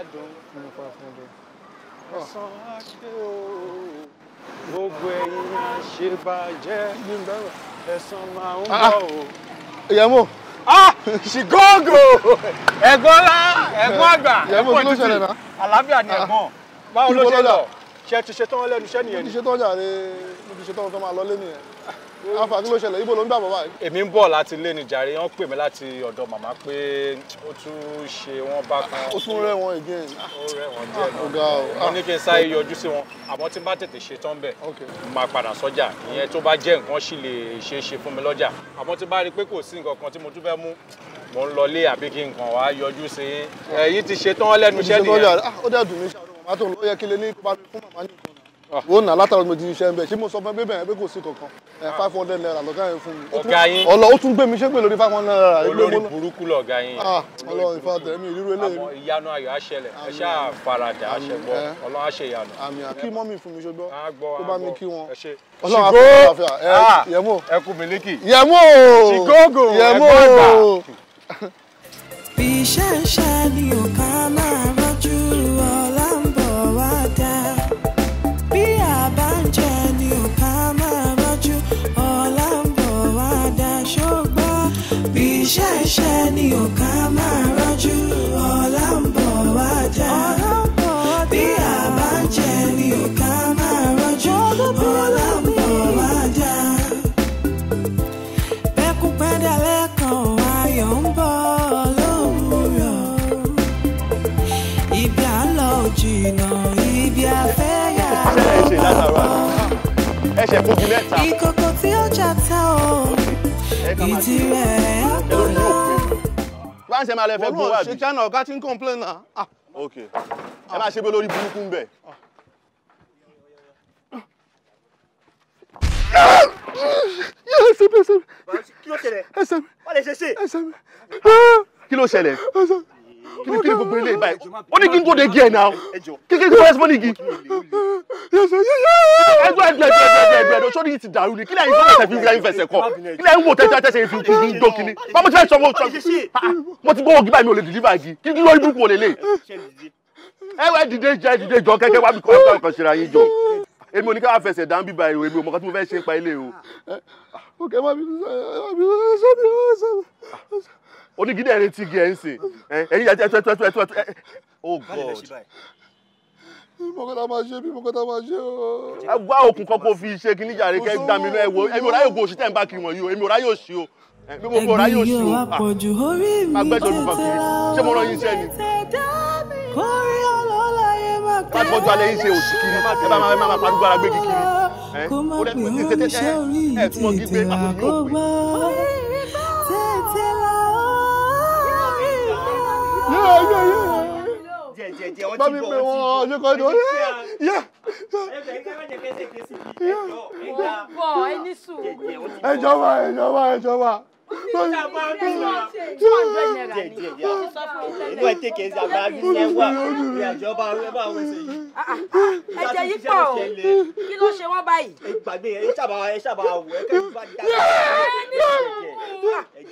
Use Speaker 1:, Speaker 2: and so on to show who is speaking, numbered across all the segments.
Speaker 1: gbádùn. ẹ̀sán àṣẹ o gbogbo ẹ̀yin àṣebàjẹ́ ẹ̀sán máa ń bọ̀ ah, ah. o.
Speaker 2: ìyàmó. ah ṣìgóògò ẹ̀gbọ́n lá ẹ̀gbọ́n àgbà ẹ̀gbọ́n tuntun àlàáfíà ni ah, ẹ̀gbọ́n báwo ló ṣe lọ
Speaker 1: ṣe ti ṣetán lẹ́nu iṣẹ́
Speaker 2: nìyẹn.
Speaker 3: mo ti ṣetán jàre mo ti ṣetán kó máa lọ lé nìyẹn afa kí ló ṣẹlẹ̀ ibo ló ń gbà bàbá yìí.
Speaker 1: èmi ń bọ̀ láti ilé ni jàre wọ́n pè mí láti ọ̀dọ̀ màmá pé ó tún ṣe wọ́n bá kan. ó tún rẹ̀
Speaker 3: wọ́n again. ó rẹ̀ wọ́n díẹ̀ náà
Speaker 1: wọ́n ní kí n sáré yọjú sí wọn àmọ́ tí n bá tètè ṣe tán bẹ̀ máa padà sọ́jà ìyẹn tó bá jẹ́ nǹkan sì lè ṣe é ṣe fún mi lọ́jà àmọ́ tí n bá rí i pé kò sí nǹkan kan tí mo tún fẹ́ mú mo ń lọlé àbí kí nǹkan wá yọjú sí i èyí
Speaker 3: Ah. wo nà látàrọ mo di ṣiṣẹ́ ń bẹ̀ ṣé mo sọ fún ẹ pé pé kò sí kankan ah. five hundred naira lọ́gá yẹn fún mi. ọ̀gá yín ọlọ ó tún gbé mi ṣégbè lórí five hundred naira. olórí
Speaker 1: burúkú lọ̀gá yín. Ah, ọlọ ìfà tẹ̀mí ìrírú eléyìí. àmọ́ ìyanu ayọ̀ àṣẹlẹ̀ ẹ ṣáà faradà àṣẹgbọ́ ọlọ́run àṣẹ ìyanu. àmì àkí mọ́ mi fún mi ṣogbọ́
Speaker 3: tó bá mi kí wọn. ọlọ́run àfẹ́ àfẹ́
Speaker 1: yẹmọ. ẹ mi lékì. yẹmọ
Speaker 3: ṣìgógò ẹgbẹ́
Speaker 4: ṣẹ̀ṣẹ̀ ni ò ká máa rọ́jú. látàrọ
Speaker 3: ẹ ṣe fún mi mẹ́ta. ìkòkò tí ó jà tá o ìdí rẹ̀ á gbóná. ránṣẹ́ máa lẹ fẹ́ gbówó àbí. ṣe china ọ̀gá tí ń complain na. Ah. ok ah. ẹ máa ṣe bí olórí burúkú ń bẹ̀. ẹsẹ̀ mi ẹsẹ̀ kí ló ṣẹlẹ̀. ẹsẹ̀ mi. wọ́n lè ṣe ṣe. ẹsẹ̀ mi. kí ló ṣẹlẹ̀. ẹsẹ̀ mi kí ni kí ni gbogbo ilé báyìí ó ní tó de gí ẹ náà kí kí kí wọ́n ẹ́sìmọ́ ẹgbẹ́ ẹgbẹ́ ẹgbẹ́ ẹgbẹ́ ẹgbẹ́ sọ́ni ti dàrú ni kílẹ̀ ìfọwọ́ tẹ̀ fi fi ẹyin fẹsẹ̀ kọ́ kílẹ̀ ń wò tẹ́tẹ́ tẹ́sẹ̀ fi fi ń dókin ni bá mo ti fẹ́ sọ mo sọ mo ti gbọ́wọ́ gíba mi ò lè dìlíbà gi kí ló ibú kò lè lè ẹwẹ́ dìde jẹ́ dìde jọ kẹ́kẹ́ wá bí kọ́ńtà kan ṣe ra yín jọ èmi ò ní ká wá fẹsẹ̀ dá bíbá èrò èmi ò mọ̀ kí mo fẹ́ ṣe ń pa ilé o. òkè má bí sọ́mi onígídé ẹ̀rẹ́ ti gẹ̀ ẹ́ ń sìn ẹ̀yìn ẹ̀tú ẹ̀tú ẹ̀tú ẹ̀tú ẹ̀tú oh god mọ̀kọ́ tá a máa ṣe bí mọ̀kọ́ ṣe o. ẹ gbá òkun kan kó fi ṣe kí níjàre kẹ gbà mí lọ ẹ wo èmi ò ráyè ògo òṣì ń bá kiri wọ̀nyí o èmi ò ráyè òṣì o
Speaker 5: èmi
Speaker 4: ò ráyè òṣì o máa
Speaker 3: gbẹ́sọ̀ olùkọ́ kiri ṣé mo rán yín sẹ́ni. má tọ́jú yín ṣe òṣì kiri ẹ máa máa parúgbó ara gbé kiri ẹ
Speaker 5: ó dẹ́ tètè ẹ tún wọn gbígbé àpòjù yóò jẹjẹjẹ
Speaker 2: ọtí bọ ọtí bọ ọjọ́ kan
Speaker 5: tó yẹ. ẹjọ́ wa
Speaker 3: ẹjọ́ wa ẹjọ́ wa inú
Speaker 5: ẹ tẹkẹ o kí
Speaker 2: ló ṣe wọ́n báyìí.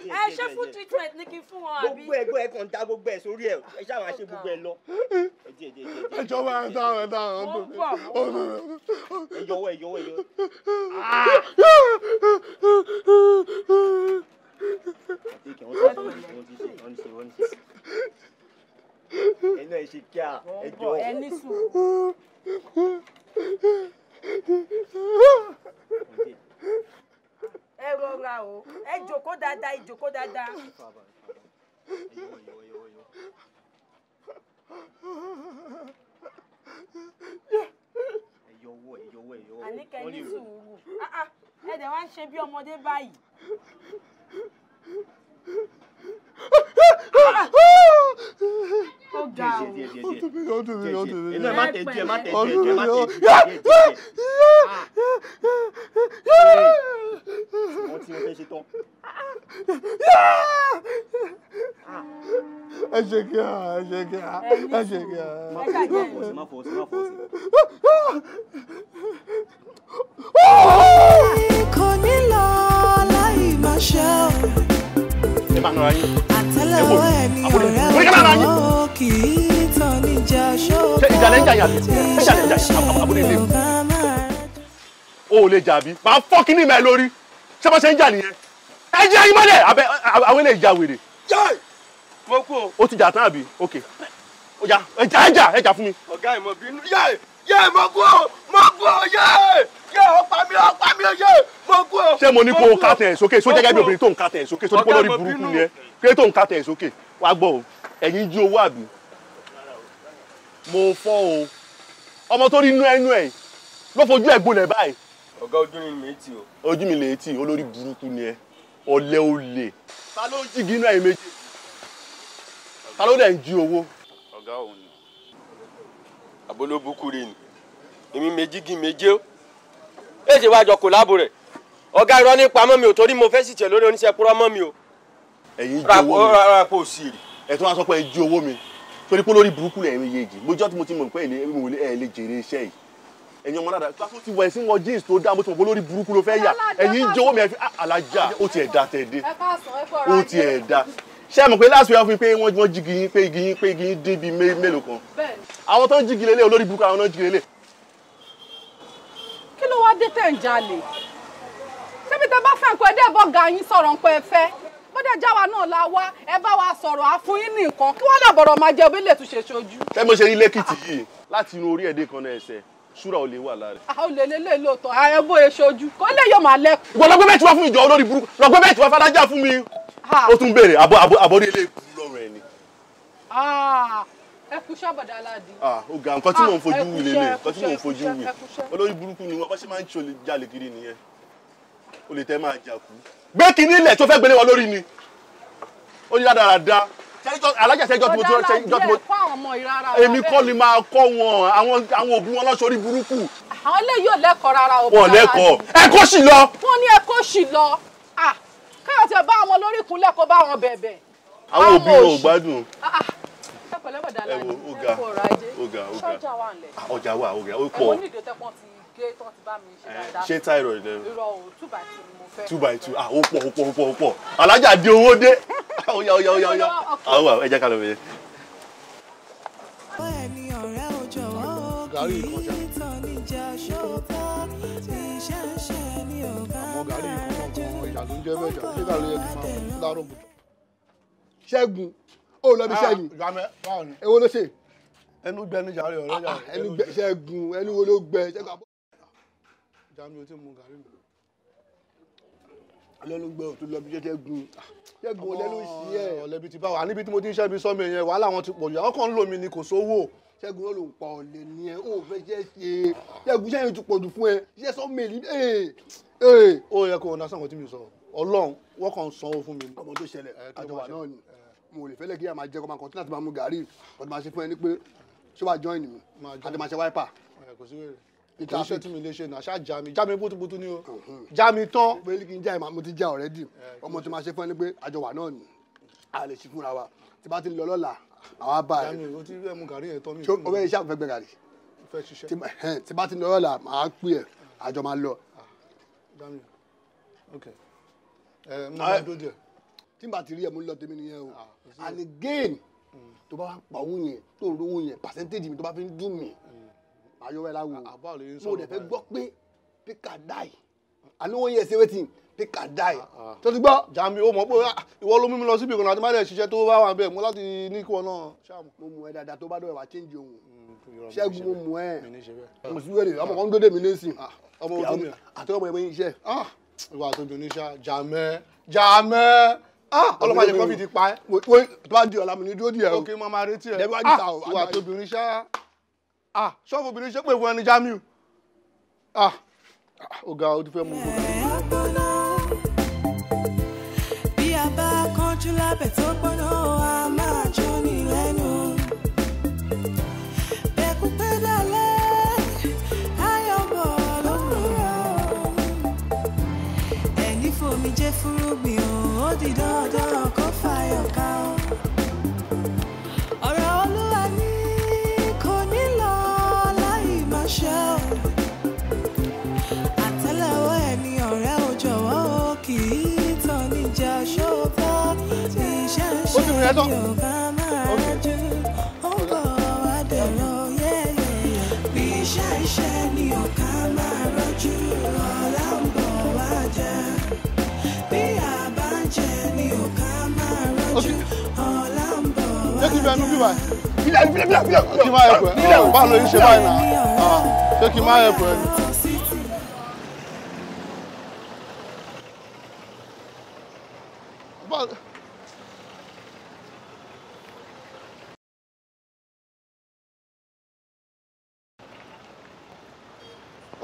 Speaker 2: ẹ ṣe fún treatment ní kí n fún wọn àbí. gbogbo ẹgbẹ́ ẹ kàn dá gbogbo ẹ sórí ẹ ẹ ṣàwọn àṣẹ gbogbo ẹ lọ. ẹjọba ẹ dá ẹ dá ẹ tó ẹ yọwọ ẹ yọwọ ẹ yọwọ.
Speaker 6: Take it, what is it? What is it? What is it? Ẹnu ẹ̀ ṣe kíá, ẹ jọ. Ẹ ní
Speaker 5: sùúrù.
Speaker 7: Ẹ rọra o, ẹ jòkó
Speaker 4: dáadáa, ẹ jòkó dáadáa.
Speaker 7: Ẹyọ
Speaker 2: owó, ẹyọ owó, ẹyọ owó. Àníkẹ́ ní
Speaker 7: sùúrù. Ẹ dẹ̀ wá ń ṣe bí ọmọdé báyìí
Speaker 3: ẹ ṣe kí
Speaker 4: ẹ máa nọra yín ẹ wò ó ní ká máa nọra yín
Speaker 3: ṣe ìjàlẹ̀ ń jà
Speaker 2: yàtọ̀ ṣe ìjàlẹ̀ ń jà yàtọ̀ àbúrò ilé
Speaker 3: o ò lè jà bí màá fọ́ kí ni ìmọ̀ ẹ lórí ṣé bá ṣe ń jà nìyẹn ẹ jẹ́ ayé mọ́lẹ̀ abẹ àwọn ilé ìjà wèrè. mo kú o. o ti jà tán àbí ok ọjà ẹjà ẹjà ẹjà fún mi.
Speaker 2: ọ̀gá ìmọ̀ bínú yẹ́ mo kú o mo kú o yẹ́ yé ọ̀pá mi o. ṣé mo ní kó o ká tẹ̀ ẹ̀ sókè só jẹ́gẹ́ bí obìnrin
Speaker 3: tó ń ká tẹ̀ ẹ̀ sókè só ní kó lórí burúkú ni ẹ kí tó ń ká tẹ̀ ẹ̀ sókè wá gbọ́ o ẹ̀yin jí owó àbí mo fọ́ o ọmọ tó rí inú ẹnu ẹ̀ ló fojú ẹ̀ gbolẹ̀ báyìí.
Speaker 2: ọ̀gá ojú mi lè o.
Speaker 3: ojú mi lè tì olórí burúkú ni ẹ ọ̀lẹ olè ta ló jí gínú ẹ̀ méjì ta ló dẹ̀ ń jí owó.
Speaker 2: ọ̀gá òun ni àbólóbùkù èsì wájọ kòláàbò rẹ̀ ọ̀gá irọ́ ní pamọ́ mi ò torí mo fẹ́ sì tẹ̀ lórí oníṣẹ́ púrọ́ mọ́ mi o. ẹ̀yin jí owó mi rapo òsìrì
Speaker 3: ẹ̀ tó wá sọ pé ẹ jí owó mi torí pé lórí burúkú lẹ̀ ẹ̀yin yéèjì mojọ́ tí mo ti mọ̀ pé ẹ̀ lè jèrè iṣẹ́ yìí ẹ̀yin ọmọ dáadáa kílásì ti wọ ẹ̀sìn wọn jeans tó dá mo ti mọ̀ pé lórí burúkú ló fẹ́ yà ẹ̀yin jí owó mi ẹ̀ fi ah, alájà ó tiẹ̀ da tẹ̀ dé ó tiẹ̀ da ṣé ẹ mọ̀ pé láti wíwá fún yín pé wọ́n jí igi yín pé igi yín pé igi dín bíi mélòó kan àwọn tó ń jí igi olórí burúkú àwọn náà jí igi
Speaker 7: ló wá dé tẹ̀ ń jalè ṣébi tẹ bá fẹ́ nǹkan ẹ dẹ́ bọ́ ga yín sọ̀rọ̀ nǹkan ẹ fẹ́
Speaker 3: bọ́dẹ̀ jáwa náà la wá ẹ bá wa sọ̀rọ̀ àfún yín ní nǹkan kí wọ́n lè bọ̀rọ̀ máa jẹ omi lè tún ṣe ṣojú. ṣé mo ṣe rí lẹ́kìtì yìí láti inú orí ẹ̀dẹ́ kan náà ẹsẹ̀ ṣúra ò lè wà lára. a ò lè lélẹ̀ lóòótọ́ ayé bó e ṣojú kó lè yọ̀ máa lẹ́kù. ìwọ lọgbẹ́ bẹ́ẹ̀ tí wọ́n fún ìjọ olórí burúkú lọgbẹ́ bẹ́ẹ̀ tí wọ́n fàdájà fún mi. ó tún béèrè àbọ̀rí ilé ìkú lọ́rùn ẹ̀ ni ẹkúṣẹ́ bọ̀dá aláàdì. ó ga nǹkan tí mò ń fojú wì lélẹ̀ nǹkan tí mò ń fojú wì olórí burúkú ni wọn bá ṣe máa ń ṣe olè jalè kiri nìyẹn olè tẹ máa jà kú. gbé kínní ilẹ̀ tó fẹ́ gbélé wọn lórí ni ó ní dáadáa alájà sẹ́jọ́ tí mo tó sẹ́jọ́ tí mo èmi kọ́ ni máa kọ́ wọn àwọn àwọn òbí wọn lọ́sọ̀rí burúkú. àwọn ilé yóò lẹ́kọ̀ọ́ rárá o. wọn lẹ́kọ̀ọ́ ẹ̀kọ́ sì lọ. wọ́n ní ẹ̀kọ́ sì lọ káyọ̀tẹ̀ bá àwọn
Speaker 1: lórí ìkúnlẹ̀ kó bá wọn bẹ̀bẹ̀.
Speaker 3: àwọn òbí wọn ò gbádùn. Ah, ah,
Speaker 1: pẹ̀lẹ́bọ̀dà la ní ẹ̀kọ́ ọ̀rọ̀ ajé ṣọ́jà
Speaker 5: wà nílẹ̀.
Speaker 4: Ah,
Speaker 3: ọjà wà ọjà O pọ̀. ẹ̀wọ̀n ní
Speaker 1: ìdòtẹ́pọ̀ ti gé tán ti bá
Speaker 3: mi ṣe dáadáa. ṣé táìrọ̀ ìdẹ. o two by two ni mo fẹ́. two by two ah ó pọ̀ ó pọ̀ ó pọ̀ ó pọ̀ alájà dé owó dé. ọ̀yà ọ̀yà ọ̀yà ọ̀yà àwọn wà ẹ jẹ́ ṣẹ́gun ó lọ bí iṣẹ́ ah, ni èwo ló ṣe. ẹnu gbẹ ní jàre ọ̀rẹ́ jàre. Ah, ẹnu gbẹ ṣẹ́gun ẹnu wo ló gbẹ ṣẹ́gun àbọ̀. jami o ti mu gàrí mi. lẹ́nu gbẹ òtún lọ bí iṣẹ́ ṣẹ́gun ṣẹ́gun lẹ́nu sí ẹ̀. ọ̀lẹ́bi ti bá wa níbi tí mo ti ń ṣẹ́ mi sọ́mi yẹn wàhálà wọn ti pọ̀ jù àwọn kan ń lò mí ni kò sówó ṣẹ́gun ló ló ń pa ọ̀lẹ ni ẹ ó fẹ́ ṣe ṣe ṣẹ́gun ṣẹ́yìn ti pọ̀jù fún ẹ ṣẹ́ sọ mẹ́lì eh, eh. ó yẹ kó o ná sọ̀rọ̀ tí mi sọ ọlọ́run wọ́n kàn sanwó fún mi. ọmọ tó ṣẹlẹ̀ àjọwà náà ni mo lè fẹ́lẹ́ kí a máa jẹ́ kó máa kọ́ńtínà tí máa mú gàrí ọ̀dọ̀ máa ṣe fún ẹni pé ṣé wàá join mi àti máa ṣe wáìpà. kò sí wèrè ìta aṣọ tí mi lè ṣe náà ṣáà já mi já mi bútubútu ni o já mi tán. pé kí n já ìmọ̀ mo ti já already ọmọ tí máa ṣe fún ẹni pé àjọ wà náà ni a lè ṣe fúnra wa tí bá ti lọ lọ́la àwa bá rẹ. jami o ti fẹ́ mu gàrí yẹn o bẹ iṣẹ́ àfẹ́gbẹ́ gàrí tí n bá ti rí ẹ̀ mú lọ tèmi nìyẹn o ah, and again tó bá ń pa owó yẹn tó ń rówó yẹn percentage mi tó bá fi ń dùn mí hmm. màá yọ wẹ́ láwo ah, mo dẹ̀ fẹ́ gbọ́ pé píkà dáì àní wọ́n yẹ ṣe wetin píkà dáì tó ti gbọ́. jàmbi o mọ̀ pé ah, ìwọ ló mú mi lọ síbi ìkànnì àti máyà ìṣiṣẹ́ tó bá wà bẹ́ẹ̀ mo láti ní kí wọn náà. mo mú ẹ dáadáa tó bá dọ̀wẹ̀ wá change ohun hmm, ṣẹ́gun mo mú ẹ mo sì wẹ̀rẹ̀ ọmọ kan dóde mi lẹ́sìn àti ọmọ ẹ̀mọ yín iṣẹ́. ìwà àtọ́jú oníṣà jàmẹ́ jàmẹ́. Ah, ọlọ́pàá jẹ kọ́fì ti pa ẹ́ wọ́n tó bá di ọ̀la mi ní dúró díẹ̀ o. ok mo máa retí ẹ ah, wà tó obìnrin ṣá ah, ṣọ́ọ̀fù obìnrin ṣépè fún ẹni Jamiu ọ̀gá o ti fẹ́ mú un.
Speaker 4: bí a bá kánjú lábẹ́ tó gbóná a máa jó ní lẹ́nu. fúrúgbìn ó
Speaker 3: ẹgbẹ́ inú bíbá yìí. kí báwo ló ń ṣe báyìí náà ah, ṣé kí máa yẹ pẹ́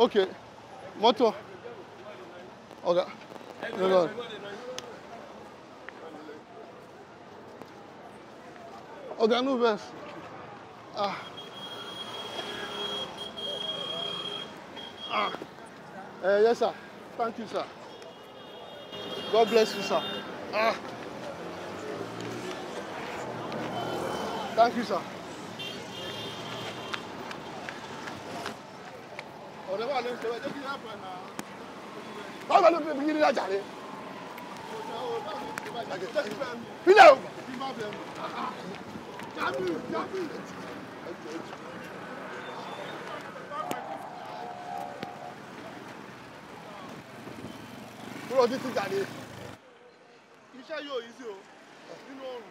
Speaker 3: ok mọ́tò ọ̀gá. Okay. Oh, Ọ̀gá Nubes. Ah. Ah. Uh, yes, sir. Thank you, sir. God bless you, sir. Ah. Thank you, sir. Oh, wà ló ń sẹ́wẹ́ jẹ́ kí n yá pẹ̀lú Kúrò títí jáde. Iṣẹ́ yóò yí sí o, nínú ọrùn.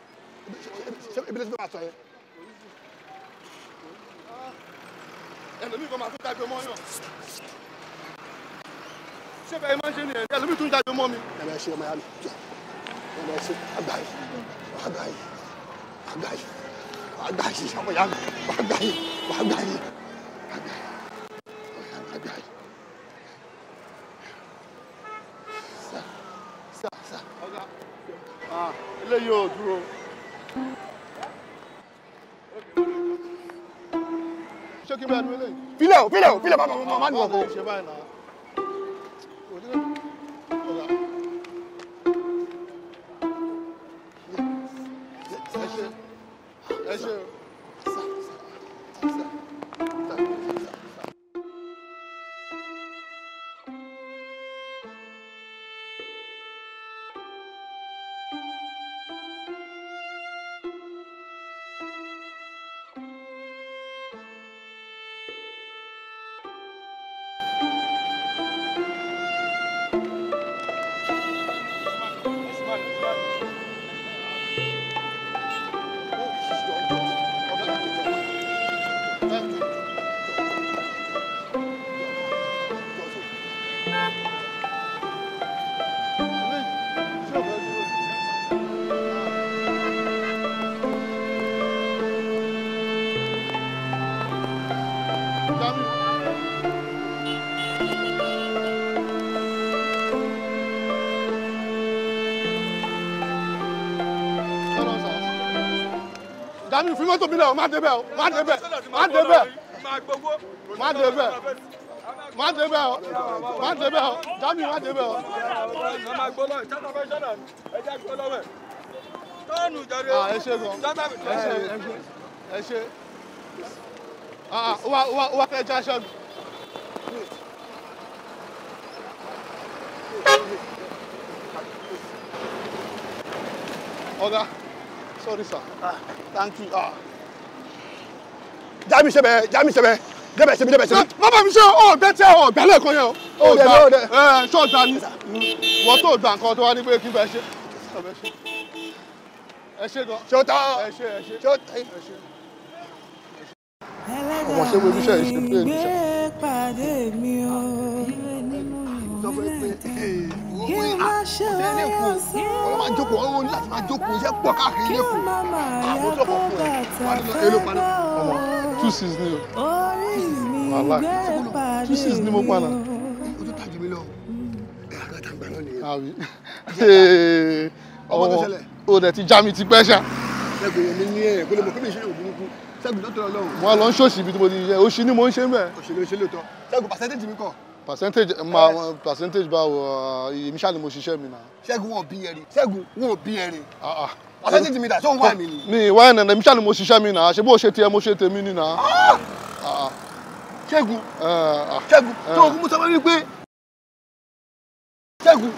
Speaker 3: Ibi ló ti fẹ́ me sọ yẹn. Ẹlòmíì kan máa tún jágbe mọ́ yàn. Ṣé bẹ́ẹ̀ máa ń ṣe nìyẹn? Ẹlòmíì tún jágbe mọ́ mi. Ẹ̀rọ ẹ̀ṣin ọmọ yá mi. Ẹ̀rọ ẹ̀ṣin àgbáyé. Àgbáyé. Àgbáyé wàá gbà yìí ọmọ ìyá mi wàá gbà yìí wàá gbà yìí wàá gbà yìí wàá gbà yìí. sà sà. eléyìí ò dúró. mọ́tò mi lẹ̀ má débẹ̀ o má débẹ̀ má débẹ̀ má débẹ̀ má débẹ̀ o
Speaker 2: má débẹ̀ o jami má débẹ̀ o. tọ́ọ̀nù ah, jàre ẹ ṣe ẹ ṣe ẹ ṣe wa wa wa aṣọ mi.
Speaker 3: ọ̀gá sorry sir ah, thank you. Ah jami sẹbẹ jami sẹbẹ dẹbẹ sẹbi dẹbẹ sẹbi. bàbá mi ṣe ọ bẹ tẹ ọ gbẹlẹ kan yẹn o ò gbà ẹ ṣọ gbà ni wọ́n tó gbà nǹkan tó wá ní pé kí n bẹ ṣe ẹ ṣe gan. ṣé o ta ẹ ṣe ẹ ṣe ṣé o ta ẹ ṣe. ọmọ ṣé wo iṣẹ́ yìí ṣe pé mi ṣe.
Speaker 4: pàdé mi o kí
Speaker 3: n má ah, ṣe ọyọ sí i. wọ́n máa jókòó wọ́n ní láti máa jókòó iṣẹ́ pọ̀ káàkiri lẹ́kọ̀ọ́ àbójọ́pọ̀ fún ẹ. ọmọ two six ni o wàhálà two six ni mo padà. o tún tàjú o dẹ̀ ti já ti pẹ́ ṣá. ṣẹ́gun èmi ní ẹ̀ kó lè mo á lọ ń ṣòṣì ibi mo ti yẹ oṣù ni mo ń ṣe mẹ́. òṣèlú mi kọ̀. percentage ma percentage báwo èmi ṣáà ni mo ṣiṣẹ́ mi náà. ṣẹ́gun wọn ò bí ẹ̀rín ṣẹ́gun wọn ò bí ẹ̀rín. Ah, ah ọ̀sẹ́tì mi dà tó ń wá mi ni. mi ìwá ẹ̀nà ẹ̀mí ṣáà ni mo ṣiṣẹ́ mi náà ṣe bó ṣe tiẹ̀ mo ṣe tèmi ni náà. ṣẹ́gun ṣẹ́gun tó o mú sọ fún mi pé ṣẹ́gun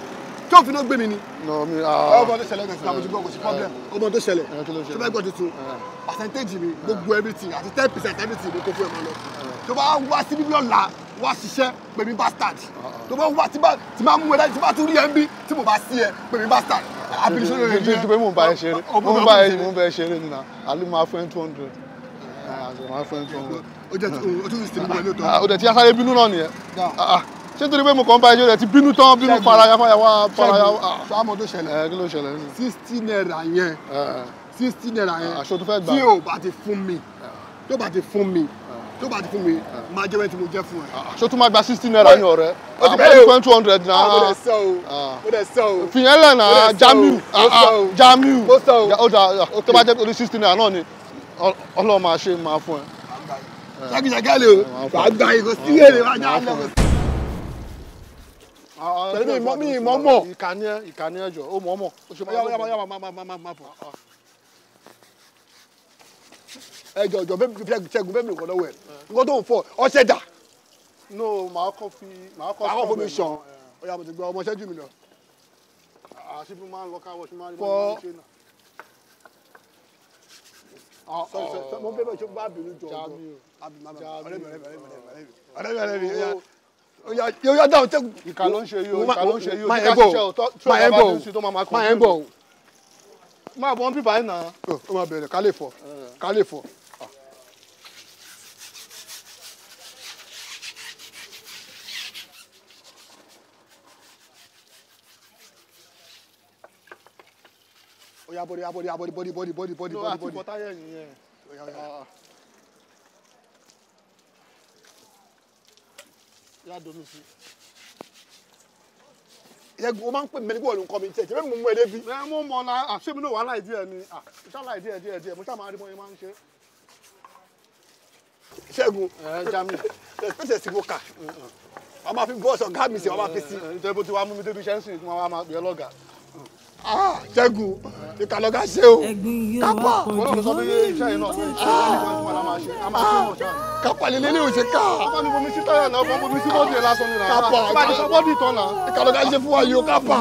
Speaker 3: tó fi náà gbé mi ni. ọmọ tó ṣẹlẹ̀ náà ṣàmùsùn gbọ́ kò sí problem ọmọ tó ṣẹlẹ̀ tó bá gbọ́ tuntun percentage mi gbogbo everything àti ten percent everything mi kò fún ẹ mọ́ lọ tó bá wá sí bíbí ọ̀la wá ṣiṣẹ́ pèmí bastard tó bá wá tí bá mú ẹ láti tí bá tún rí ẹ ń bí tí mo bá sí ẹ pèmí bastard abilisolo rẹ jẹ dupẹ mo ba ẹ ṣeré mo ba ẹ mo ba ẹ ṣeré nina alu ma fún two hundred ah, ma fún two hundred. o jẹ o tún sì tẹ̀lé lóòótọ́. o jẹ ti asáré bínú náà nìyẹn ah, ah. ṣé nítorí pé mo kàn ń ba ẹ ṣeré ti bínú tán bínú faraya faraya faraya. sọ́mọ tó ṣẹlẹ̀ eh, kí ló ṣẹlẹ̀ nínú. sixty naira yẹn eh, eh. sixty naira yẹn tí o bá ti fún mi tó bá ti fún mi tó bá ti fún mi máa jẹ́ bẹ́ẹ̀ tí mo jẹ́ fún ẹ. Ah, ṣó tún máa gba sixty naira ní ọ̀rẹ́ àbúrò ah, twenty two hundred na. Ah, ó dẹ̀ sọ o ó dẹ̀ sọ o. fìyẹn lẹ́nà Jamiu Jamiu ó dà tó bá jẹ́ torí sixty naira náà ni Ọlọ́run máa ṣe máa fún ẹ. ṣàkìṣàkì lè o wà á gba ìgò sílẹ̀ lè wájà á lọ. pẹ̀lú mi ìmọ̀ mọ̀. ìkànnì ẹ̀jọ̀ ó mọ̀ mọ̀. ó ṣe máa yá máa yá máa máa máa máa bọ̀ ẹjọ ọjọ ṣẹgun bẹẹ mi kọ lọ́wọ́ ẹ nǹkan tó ń fọ ọṣẹ dà. no màá kọ́ fi màá kọ́ sọ̀rọ̀ mi sàn ọ̀yà mo ti gba ọmọ ṣẹ́jú mi lọ. àṣìbí máa ń lọ káwọ́ ṣe máa ń lọ ṣe náà mo bẹ bẹ tó bá bínú jọ ọdún oh. yóò yá dáhùn tẹ́kù. ìkà ló ń ṣe yóò ìkà ló ń ṣe yóò ìkà ṣiṣẹ́ ò tó máa bá tó ń ṣe tó máa máa kọ́ máa ń bọ̀ máa bọ̀ ń bíbá ẹ̀ náà. ó máa bẹ̀rẹ̀ ká lè fọ ká lè fọ. oya body body body body body body body body. lọ́wọ́ àti bọ́táyà yìnyẹn. oya oya. yà domi si. yẹ o máa ń pè mí nígbà olùkọ́ mi tẹ̀ tẹ̀ mẹ́rin mo mú ẹ débi. ẹ mo mọ la àṣé mi náà wà láì díẹ̀ ni ìta láì díẹ̀ díẹ̀ díẹ̀ mo ṣáà máa rí mọ́ ẹ máa ń ṣe. ṣẹ́gun ẹ jami pèsè sí mo kà wọ́n máa fi bọ́ọ̀sì ọ̀gá mi sí wọ́n máa fi sí. ìjọba tí wàá mú mi débi iṣẹ́ ń wọ́n máa gbé lọ́gàá. Ah, jẹ́gùn ìkàlọ́ ká ṣe o kápá wọn lọ sọ pé iṣẹ́ yìí náà kápá lílé ní òṣè ká kápá ní bomi síta yà náà fún bomi síta òde lásán ní náà kápá ìkàlọ́ ká ṣe fún wa yìí o kápá.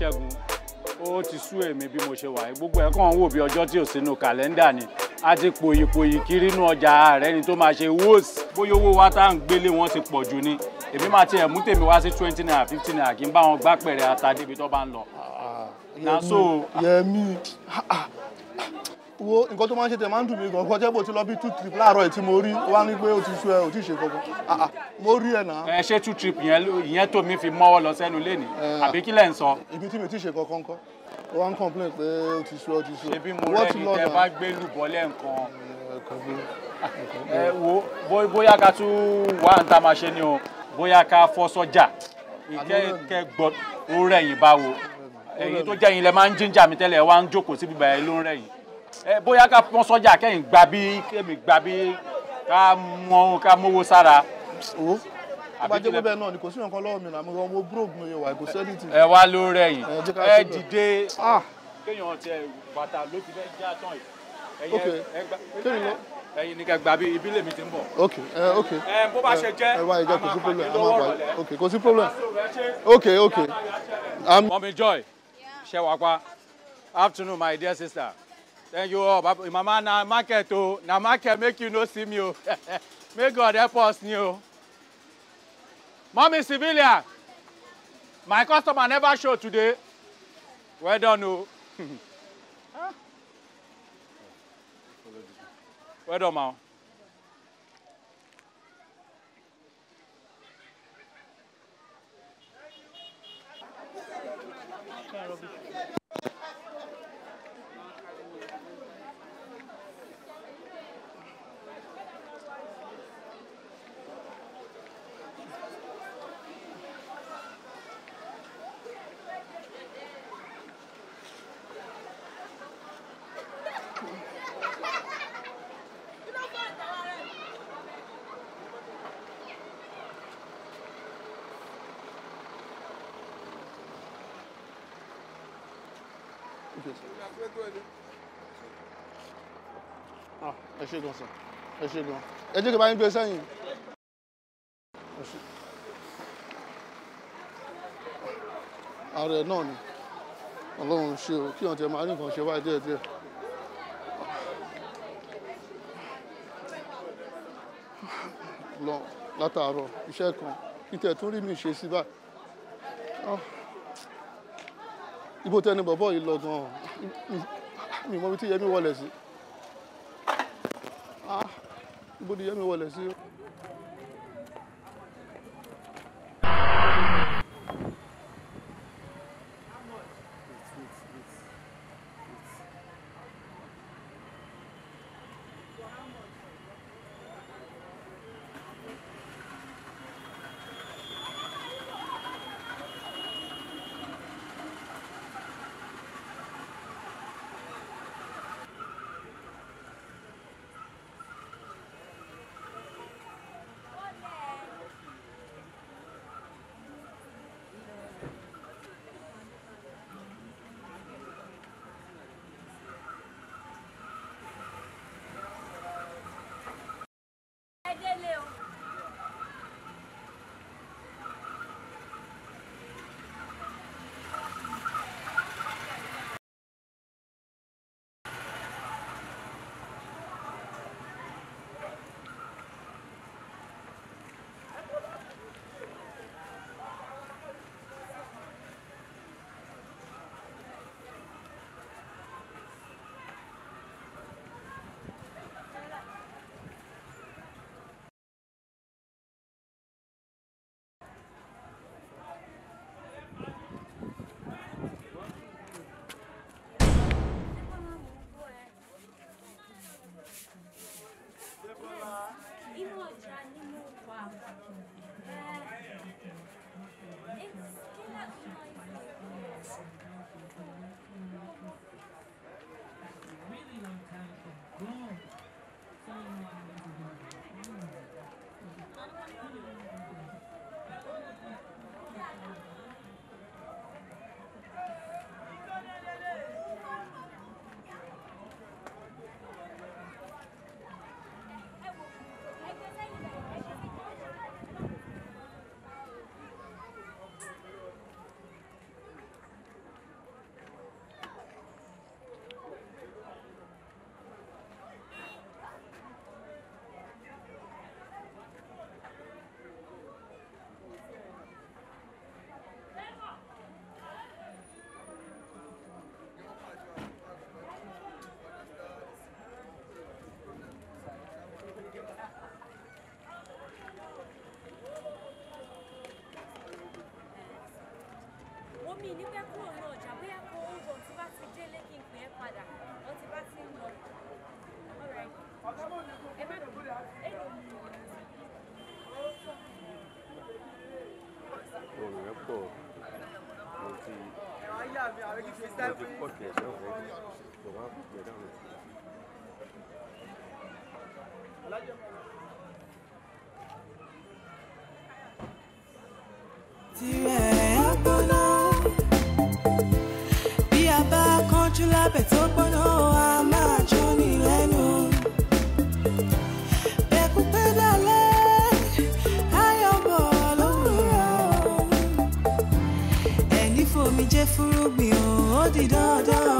Speaker 1: ṣẹ́gun ó ti sú èmi bí mo ṣe wà yìí gbogbo ẹ̀ kàn ń wò bí ọjọ́ tí ò sínú kàlẹ́ndà ni a ti pòyìpòyì kiri inú ọjà ààrẹ ni tó máa ṣe wóòsì bóyá owó wa tá à ń gbélé wọn ti pọ̀ jù ni èmi máa tiẹ̀ mú tèmi wá sí twenty naira fifty naira kí n bá wọn gbá pẹ̀rẹ̀ ata débi tó bá ń lọ. Ah, yẹmi
Speaker 3: yẹmi wo nǹkan tó máa ń ṣe tẹ̀ máa ń dùn mí gan kọjá bò ti lọ bí two trip láàárọ̀ tí mo rí wá ní pé o ti sú ẹ o ti ṣe kankan ah, ah, mo rí ẹ náà.
Speaker 1: ẹ ṣé two trip yẹn ìyẹn tó mi fi mọ́wọ́ lọ sẹ́nu lẹ́nu eh, ah. àbí kí lẹ̀ ń sọ.
Speaker 3: ibi tí mi ti ṣe kankan kọ́ wọ́n ń
Speaker 1: complain pé o ti sú ọ ti sú. ṣebí mo rẹ́ ni tẹ bá gbé lùbọ́ lẹ́ǹkan. ẹ wo bóyá ká tún wá ń ta máa ṣe ni o bóyá ká fọ́ sọ́jà ìkẹ́kẹ́ gbọ́ ó rẹ̀yìn báwo èyí tó jẹ́yìn lẹ máa ń jíjà mi tẹ́lẹ̀ wá ń jókòó síbi bàyẹ̀ ló ń rẹ̀yìn ẹ bóyá ká pọ́n sọ́jà kẹ́yìn gbà bí kẹ́mi ká mọ ká mówó sára. o tó bẹ́ẹ̀ náà ni kò sí
Speaker 3: nǹkan lọ́wọ́ mi náà mo wọ brogue mi wà kò sẹ́ni tì. ẹ wá ló rẹyìn ẹ dìde
Speaker 1: ah. kéèyàn tẹ bàtà ló fi fẹ́ já tán yìí. ok kéèyàn ẹyin ni ká gba bí mi ti ń bọ̀. ok ẹ ok ẹ bó bá ṣe
Speaker 2: jẹ́
Speaker 3: ẹ wá
Speaker 1: ìjọ kò sí problem ok kò
Speaker 2: sí problem ok ok.
Speaker 1: mọ́mi joy ṣẹ́wàá pa afternoon my dear sister. Thank you all. Eh, Mama, na market, oh. Na market, make you no see me, oh. May God help us, new. Mommy civilian, my customer never show today. Well done, oh. huh? Well done, ma'am.
Speaker 3: ṣe gan sọ ẹ ṣe gan ẹ jẹ́ kí n bá yín gbé sẹ́yìn. ààrẹ náà ni ọlọ́run ṣe o kí ọ̀tẹ̀ máa rí nǹkan ṣe wáyé díẹ̀díẹ̀. lọ látàárọ̀ iṣẹ́ kan ìtẹ̀ tún rí mi ṣe sí báyìí. Ah. ibo tẹni bọ̀bọ̀ yìí lọ gan-an mi mọ ibi tí Yẹmí wọlé sí níbo ni yẹmi wọlé sí
Speaker 7: mi ní pẹ́ kúrò ní ọjà bóyá kó oúnjẹ tí bá ti délé kí n pè é padà wọ́n ti bá ti ń lọ. ẹgbẹ́
Speaker 2: èlò mi ò Orin
Speaker 3: rẹ pọ̀ mo ti
Speaker 5: mo
Speaker 2: ti
Speaker 3: pọ̀ tiẹ̀ sẹ́wọ̀n rẹ kò wá pọ̀ tiẹ̀
Speaker 4: fúrúgbìn ó di dandan.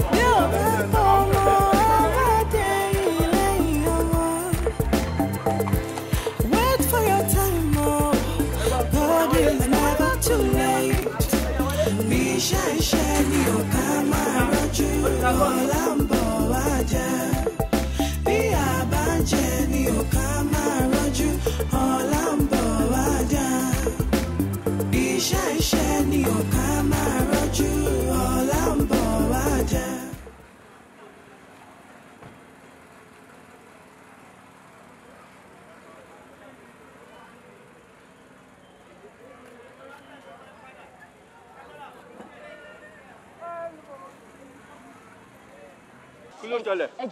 Speaker 4: Bravo.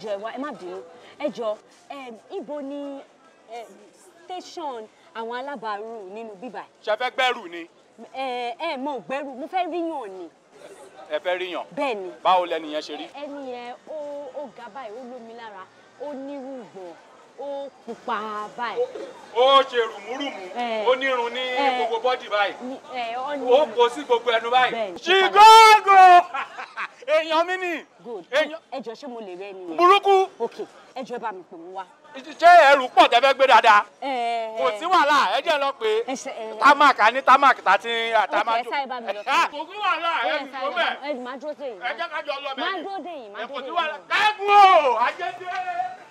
Speaker 7: jọ ẹ ẹ má bínú ẹ ibo ni station àwọn alábàárù nínú bíbá.
Speaker 2: ṣe fẹ́ gbẹ́rù ni.
Speaker 7: ẹ ẹ mọ gbẹ́rù mo fẹ́ ríyàn ni.
Speaker 1: ẹ fẹ́ ríyàn. bẹ́ẹ̀ ni. báwo lẹni yẹn ṣe rí.
Speaker 7: ẹni yẹn ó ó ga báyìí ó lómi lára ó nírùngbọ̀n ó pupa báyìí.
Speaker 1: ó ṣe rùmúrùmú ó nírun ní gbogbo bọ́dì báyìí ó kó sí gbogbo ẹnu báyìí. ṣìgọ́gọ́ èèyàn mi ni.
Speaker 7: good ẹjọ ṣé mo lè rẹ ẹni
Speaker 1: burúkú. ok
Speaker 7: ẹjọ bá mi pè mí wá.
Speaker 1: ṣé ẹrù pọ̀ tẹ́fẹ́ gbé dáadáa. kò sí wàhálà ẹ lọ pé tamak ní tamak tàti
Speaker 7: àtàmájò. ok ẹ sáré bá mi lọ. kò sí wàhálà ẹ fi kó bẹ̀. ẹ máa dúró dé yìí. ẹ jẹ́ ká jọ lọ bẹ̀. máa dúró dé yìí máa dúró dé yìí. kò sí wàhálà kẹ́gùn o àjẹjẹ.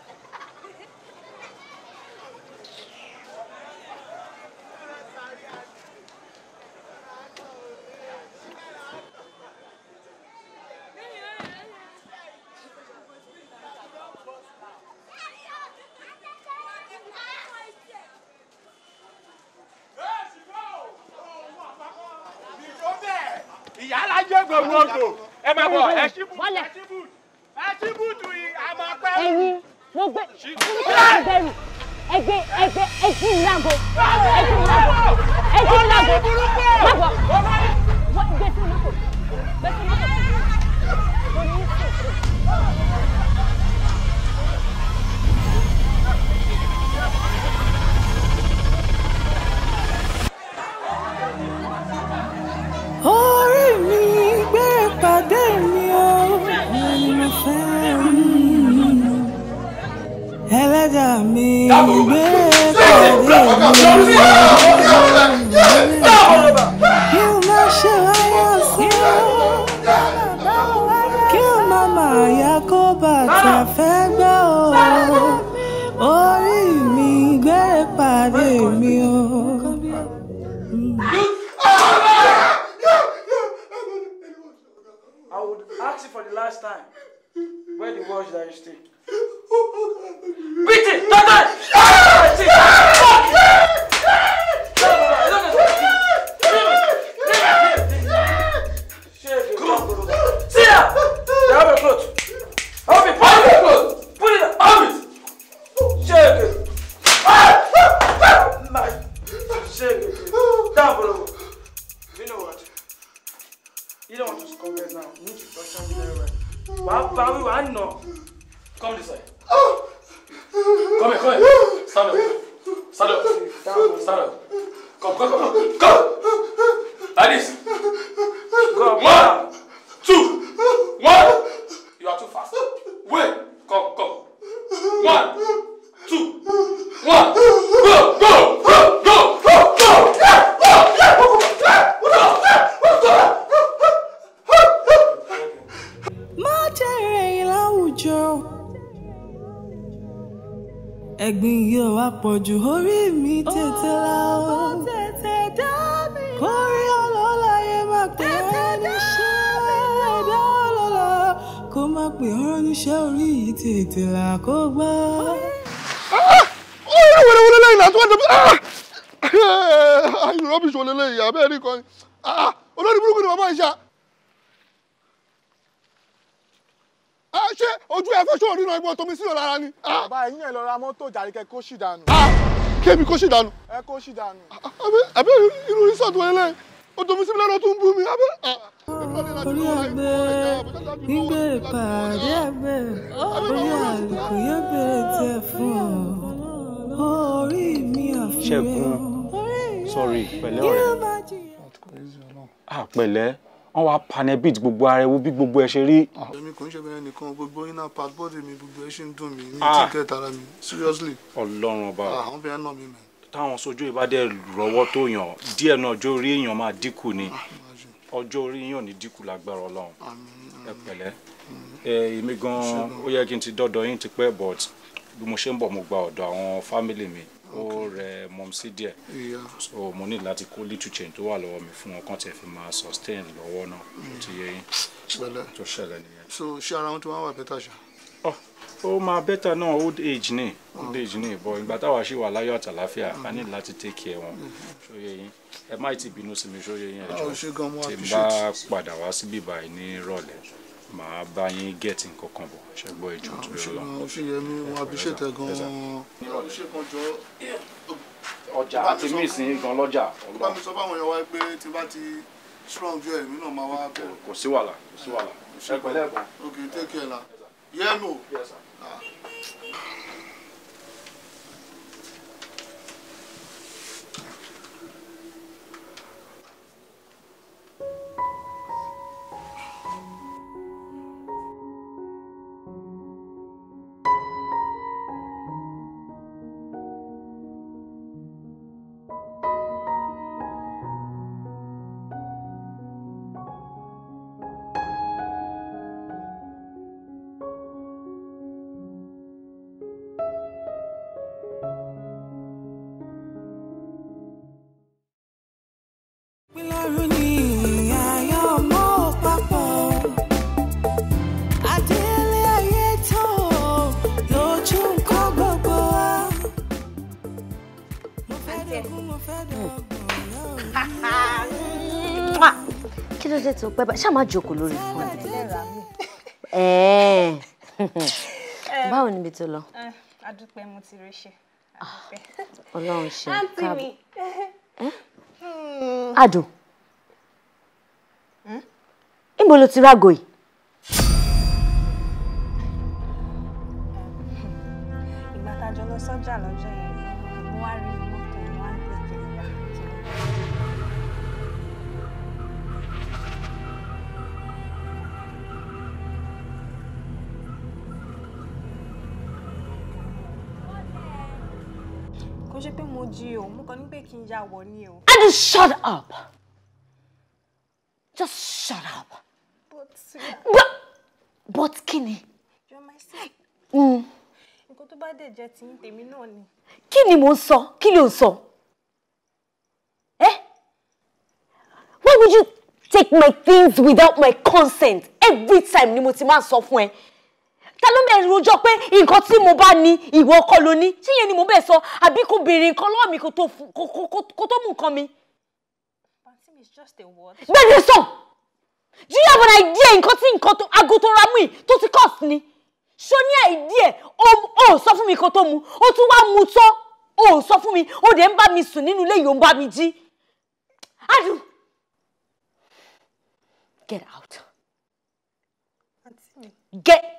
Speaker 2: bọ̀ ẹ ṣí bùtù ẹ ṣí bùtù ẹ ṣí bùtù yìí a máa pẹ́. ẹyin mo gbé ẹgbẹrún
Speaker 7: ẹgbẹ ẹgbẹ ẹjì ńlágo ẹjì ńlágo
Speaker 5: ẹjì ńlágo lágbo gbèsè mọ́tò gbèsè mọ́tò kò ní í sè.
Speaker 4: ẹlẹ́dà mi gbé
Speaker 5: kọ́dé mi.
Speaker 2: Gracias.
Speaker 3: ẹgbẹ́ tomi sí ìlọra ni. Ah. bàbá ẹ̀yìn ẹ̀ lọ mọ́tò jàre kẹ́ kó sì dànù. Ah. kémi kó sì dànù.
Speaker 2: ẹ kó sì dànù.
Speaker 3: àbẹ ah, irú resort wọlé lẹ o tomi sí mi tó ń bú mi. orí ẹgbẹ́ gbígbé
Speaker 4: ìpàdé ẹgbẹ́ orí àgbéyẹ̀gbẹ́ tẹ fún ọ orí mi
Speaker 1: àfihàn. ṣẹ́gun sọ̀rí pẹ̀lẹ́ ọ̀rẹ́. pẹ̀lẹ́ wọ́n wá panẹ beat gbogbo ara ẹ̀wò bí gbogbo ẹ̀ ṣe rí. èmi kò ń ṣe
Speaker 3: bẹ́ẹ̀ nìkan gbogbo iná part body mi gbogbo ẹ̀ ṣe ń dùn mí ní ah.
Speaker 1: tíkẹ́ẹ̀tì ara mi seriously. ọlọ́run ọba ah, àwọn bẹ́ẹ̀ náà mi mẹ́. táwọn sojú ìbàdàn rọwọ́ tó yàn díẹ̀ náà ọjọ́ orí èèyàn máa dínkù ni ah, ọjọ́ orí èèyàn ní dínkù lágbára ọlọ́run ẹ pẹ̀lẹ́ mm. èmi gan-an ó yẹ kí n ti dọ́dọ̀ yín ti pẹ́ but bí mo ṣe ń bọ̀ mo gba ọ̀dọ̀ àwọn fámìlì mi ó rẹ mọ̀mísí díẹ̀ so mo ní láti kó little change tó wà lọ́wọ́ mi fún wọn kàn tẹ̀ fi máa sustain lọ́wọ́ náà ti yẹ yín tó ṣẹlẹ̀ nìyẹn. so ṣé ara
Speaker 3: wọn tó máa wà bẹ́tà ṣá.
Speaker 1: ọ oh, ó máa bẹ́tà náà old age ni ah. old age ni bọ̀ ìgbà táwa ṣì wà láyọ̀ àtàláfíà a mm-hmm. ní láti take care wọn mm-hmm. ṣó yẹ yín ẹ má ti bínú sí mi ṣó yẹ yín ẹjọ́ ah, tí n bá padà wá síbí báyìí ní ìrọ̀lẹ́ màá bá yín gẹ̀ẹ́tì nǹkan kan bọ̀ ṣe gbọ́
Speaker 3: ìjọ tó yọ lọ. Oṣùyẹmí wọn àbíṣètẹ gan-an. ọjà àti mí ìsìn
Speaker 1: gan lọ́jà. bá mi
Speaker 3: sọ fáwọn èèyàn wá pé tí bá ti strong ju ẹ̀mí náà máa wá bẹ̀rẹ̀. kò sí wàhálà kò sí wàhálà. ẹ pẹ̀lẹ́ ẹ̀gbọ́n. ok take care la. yẹ́nu.
Speaker 2: yes sir. Ah.
Speaker 7: pẹ́ bá ṣáà má jókòó lórí fún mi. báwo ni ibi tó lọ.
Speaker 4: adúpẹ́ mo ti rí ṣe. Ah, ọlọ́run ṣe káàbọ̀. Hmm. adùn hmm?
Speaker 7: níbo ló ti rágò yìí.
Speaker 4: ìgbà tá lọ sọ́jà lọ́jọ́ yẹn. jí o mo kàn ní pé kí n ya wọ ni o.
Speaker 7: and shut up just shut up.
Speaker 4: but but,
Speaker 7: but kí ni. you're my sister. Mm.
Speaker 4: nǹkan tó bá dẹ̀ jẹ́ ti ń tèmi náà ni.
Speaker 7: kí ni mò ń sọ kí ló ń sọ. Eh? why would you take my things without my consent every time ni mo ti máa sọ fún ẹ ta ló mẹ́rin rojọ́ pé nǹkan tí mo bá ní ìwọ ọkọ ló ní tí yẹn ni mo bẹ́ẹ̀ sọ àbí kò béèrè nǹkan lọ́wọ́ mi kó tó mú nǹkan mi. bẹ́ẹ̀ sọ do you have an idea nǹkan tí nǹkan tó aago tó ra mú yìí tó ti cost ni ṣó ní idea ó sọ fún mi kó tó mu ó tún wá mu tán ó sọ fún mi ó dẹ̀ ń bá mi sùn nínú ilé yìí ó ń bá mi jí. Adu, get out. Get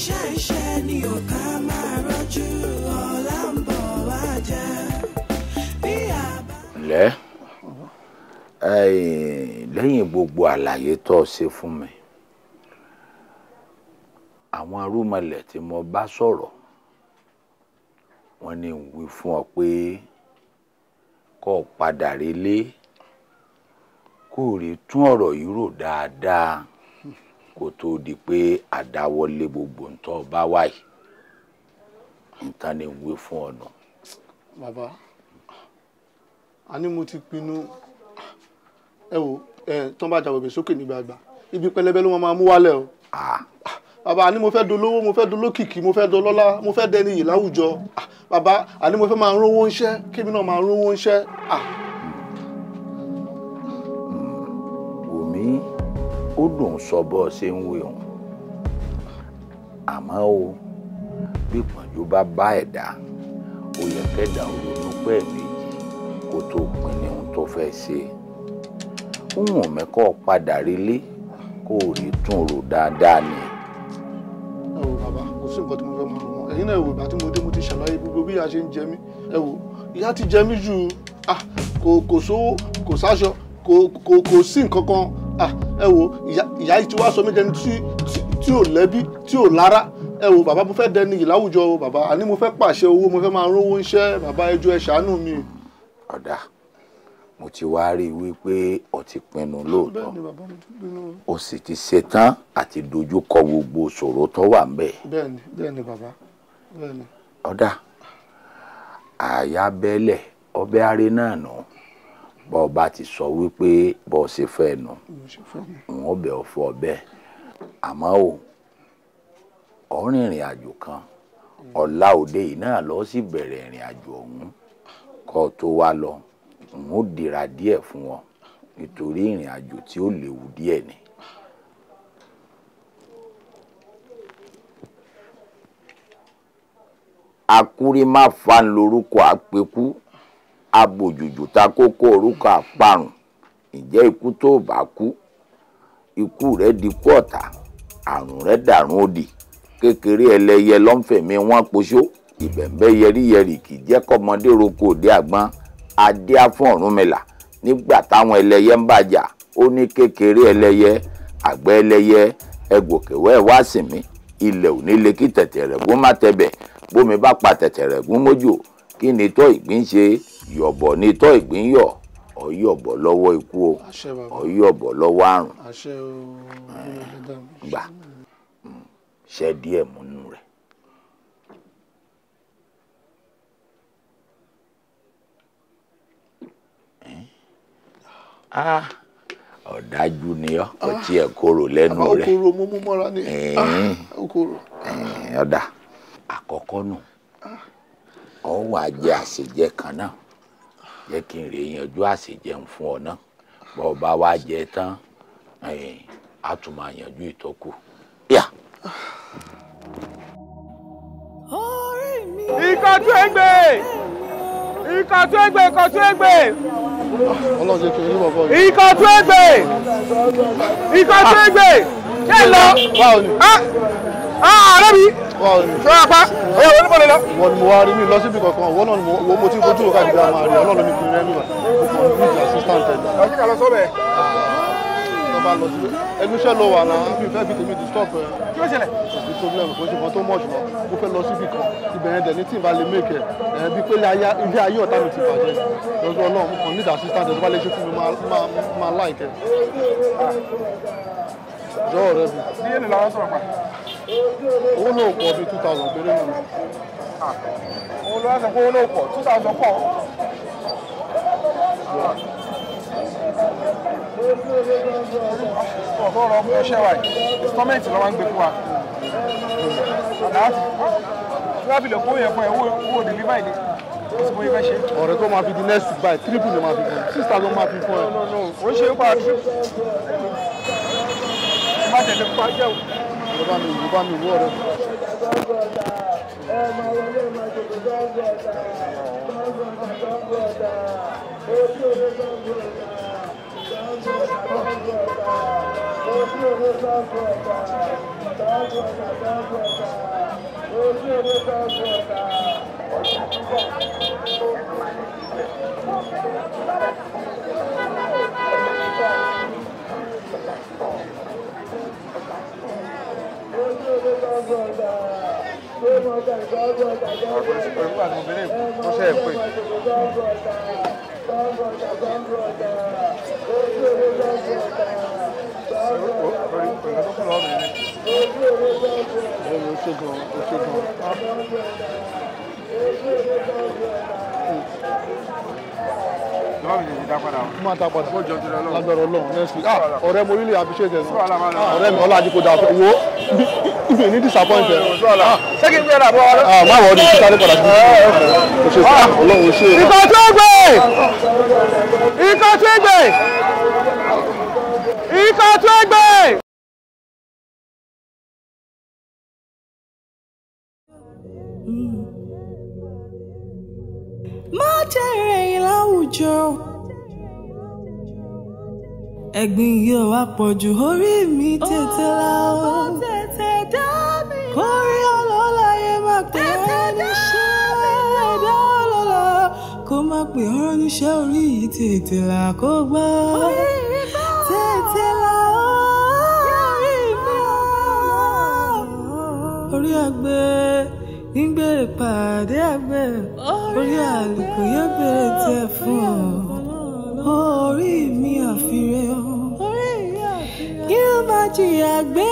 Speaker 4: iṣẹ́ iṣẹ́ ni ò ká máa rọ́jú ọ̀la ń bọ̀ wá jẹ́ bí a
Speaker 6: ǹlẹ́ lẹ́yìn gbogbo àlàyé tó o ṣe fún mi àwọn arúmọlẹ̀ tí mo bá sọ̀rọ̀ wọ́n ní wí fún ọ pé kó o padà relé kó o lè tún ọ̀rọ̀ yìí rò dáadáa kó tó di pé àdáwọlé gbogbo ntọ́ bá wáyé nǹkan ni ń wé fún ọ̀nà.
Speaker 3: bàbá a ní mo ti pinnu ẹ wo ẹ tán bá jà bòbè sókè nígbà àgbà ibi pẹlẹbẹ ló máa mú wálẹ̀ o. bàbá a ní mo fẹ́ dolówó mo fẹ́ dolókìkí mo fẹ́ dolọ́lá mo fẹ́ dẹni láwùjọ bàbá a ní mo fẹ́ máa rówó ńṣẹ́ kébì náà máa rówó ńṣẹ́.
Speaker 6: ó dùn sọ bọ́ ṣe ń wé òun àmọ́ o bí ìpọ́njú bá bá ẹ̀dá ó yẹ kẹ́dà ó ronú pẹ́ méjì kó tó pin ní ohun tó fẹ́ ṣe ń wọ̀n mẹ́kọ́ padà relé kó o rí tún rò dáadáa ni.
Speaker 3: ẹ wo bàbá kò sí nǹkan tí mo fẹ́ mọ ọmọ ẹ̀yin náà ẹ wo tí mo dé mo ti ṣàlàyé gbogbo bí ìyá ṣe ń jẹ mí ẹ wo ìyá ti jẹ mí jù ah, kò kò sówó kò sáṣọ kò kò sí nǹkan kan Ah, ẹ wo ìyá yìí ti wá sọ mí dẹni tí ò lẹ́bí tí ò lára ẹ wo bàbá mo fẹ́ dẹni yìí láwùjọ o bàbá àní mo fẹ́ pàṣẹ owó mo fẹ́ máa rówó ń ṣẹ́ bàbá ẹ jọ̀ọ́ ẹ ṣàánú mi. ọ̀dà
Speaker 6: mo ti wá rí i wípé o ti pinnu lóòótọ́ o sì ti ṣetán àti dojúkọ gbogbo ṣòro tó wà ń bẹ̀.
Speaker 3: bẹ́ẹ̀ni bẹ́ẹ̀ni bàbá bẹ́ẹ̀ni.
Speaker 6: ọ̀dà àyà bẹ́lẹ̀ ọbẹ̀ arẹ náà nù. No bọ́ bá ti sọ wípé bọ́ ọ ṣe fẹ́ nu wọn bẹ̀ ọ fọ bẹ́ẹ̀ àmọ́ o ọ̀rìn ìrìn àjò kan ọ̀la òde yìí náà lọ sí bẹ̀rẹ̀ ìrìn àjò ọ̀hún kó tó wá lọ òun ó dira díẹ̀ fún wọn nítorí ìrìn àjò tí ó léwu díẹ̀ ni. akúrí má fa lórúkọ àpékú abòjòjò ta kókó orúkọ àparùn ǹjẹ́ ikú tó bá kú ikú rẹ̀ di kú ọ̀tá àrùn rẹ̀ dàrún òdì kékeré ẹlẹ́yẹ lọ́nfẹ̀mí wọn poṣó ìbẹ̀m̀bẹ̀ yẹríyẹrì kì í jẹ́ kọ́mọdé roko òde àgbọn adé afún Ọ̀rúnmìlà nígbà táwọn ẹlẹ́yẹ ń bàjà ó ní kékeré ẹlẹ́yẹ àgbẹ̀ ẹlẹ́yẹ ẹgòkèwẹ́ wá sí mi ilẹ̀ ò ní lè kí tẹ̀tẹ̀rẹ̀ gún má tẹ̀bẹ̀ bómi bá pa tẹ̀tẹ̀rẹ̀ gún mójú kí ni tó ìgbín ṣe yọ̀bọ̀ ni tó ìgbín yọ̀ ọ̀yọ̀bọ̀ lọ́wọ́ ikú o ọ̀yọ̀bọ̀ lọ́wọ́ àrùn gbà hmm. ṣe díẹ̀ múnú rẹ̀. Ah, ọ̀dájú ni ọ́ kò ah. tiẹ̀ korò lẹ́nu rẹ̀ okoro
Speaker 3: mo mú mọ́ra ni okoro
Speaker 6: ah, ọ̀dà àkọ́kọ́ nù ọ wà jẹ àṣejẹ kan náà jẹ kí n rè yanjú àṣejẹ ń fún ọ náà bọ ọ bá wá jẹ tán a tún máa yanjú ìtọ́kù.
Speaker 2: ìkọ̀tún ẹgbẹ́ ìkọ̀tún ẹgbẹ́ ìkọ̀tún ẹgbẹ́
Speaker 3: ìkọ̀tún ẹgbẹ́
Speaker 2: ìkọ̀tún ẹgbẹ́ ṣé lọ. Ah, àrẹ́bí ṣọ́ apá ọ̀yọ́ wọn ní
Speaker 3: bọ́lẹ̀ lọ. wọ́n ni mo wá rí mi lọ síbi kankan wọ́n náà ni mo ti fojú lọ káàkiri àwọn àrẹ ọlọ́run ní kùnrin ẹnu bá lọ sí ẹnu iṣẹ́ lọ wà náà mi fẹ́ fi tèmi di stop ẹ. kí ló ṣẹlẹ̀. ìdí problem kò ṣe kan tó mọ̀ ṣùgbọ́n mo fẹ́ lọ síbi kan ìbẹ̀rẹ̀ dẹ̀ ní tí n bá lè make ẹ̀ bí pé ilé ayé ọ̀tá mi ti bàjẹ́ lọ́jọ́ náà mo kàn need assistant ẹ̀ tó bá lè ṣe fún mi máa like ẹ̀. Ah. jọ̀ọ́
Speaker 2: rẹ bi. bí ènìyàn làwọn sọ̀rọ̀ pa owó náà pọ̀ bí two thousand péré nù. òun ló wá sọ pé owó náà pọ̀ two thousand pọ̀. ọ̀rọ̀ ọ̀rọ̀ ọ̀gbìn ọ̀ṣẹ́ wa yìí installment ló wá ń gbé fún wa. àdáàtì tírábìlẹ̀ kó yẹ fún ẹ owó deliver ni mo fẹ́ ṣe.
Speaker 3: ọ̀rẹ́ tó máa fi di next buy triple ni máa fi fún six thousand máa fi fún ẹ.
Speaker 2: o ṣe é pa triple
Speaker 3: ló bá mi wò bá mi wò
Speaker 2: ọ̀rẹ́.
Speaker 5: ọmọ wọlé máa tètè gbọ́ngàn ọ̀tà gbọ́ngàn gbọ́ngàn ọ̀tà ojú òde gbọ́ngàn ọ̀tà gbọ́ngàn ọ̀tà ojú òde gbọ́ngàn ọ̀tà gbọ́ngàn ọ̀tà gbọ́ngàn ọ̀tà ojú òde gbọ́ngàn ọ̀tà. Thank you. ọgbọ́n sí pé nígbà tí mo bẹ̀rẹ̀ mo ṣe é pè. Ẹ̀rọ ṣe gan, ó ṣe gan
Speaker 3: lọ́wọ́ mi lè ti dá padà o. mo máa ta padà lágbára ọlọ́run next week ah ọ̀rẹ́ mo really appreciate ẹ̀ náà ah, ọ̀rẹ́ mi ọlá àdìpọ̀ dà wo ife ní disappointed. Ah, ṣé kí n gbé ẹ̀rọ àbọ̀ ọ̀rẹ́. Ah, má ní
Speaker 5: padà sí i. ọlọ́run ṣe é. ikọ̀ tó gbé
Speaker 2: ikọ̀ tó gbé ikọ̀ tó gbé.
Speaker 5: Mother jó
Speaker 4: ẹ̀gbìn yóò wá pọ̀jù orí mi tètè la ó kórí ọlọ́láyé má pè é níṣẹ́ ẹ̀dá ọlọ́lá kó má pè ọ́rọ́ níṣẹ́ orí yìí tètè là kó gbọ́ orí mi orí àgbẹ̀ nígbèrè àgbẹ̀ orí àlùkò yóò bẹ̀rẹ̀ tẹ̀ fún ọ orí mi àfirẹ́ ọ kí ó má jìyà gbé.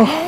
Speaker 4: Oh.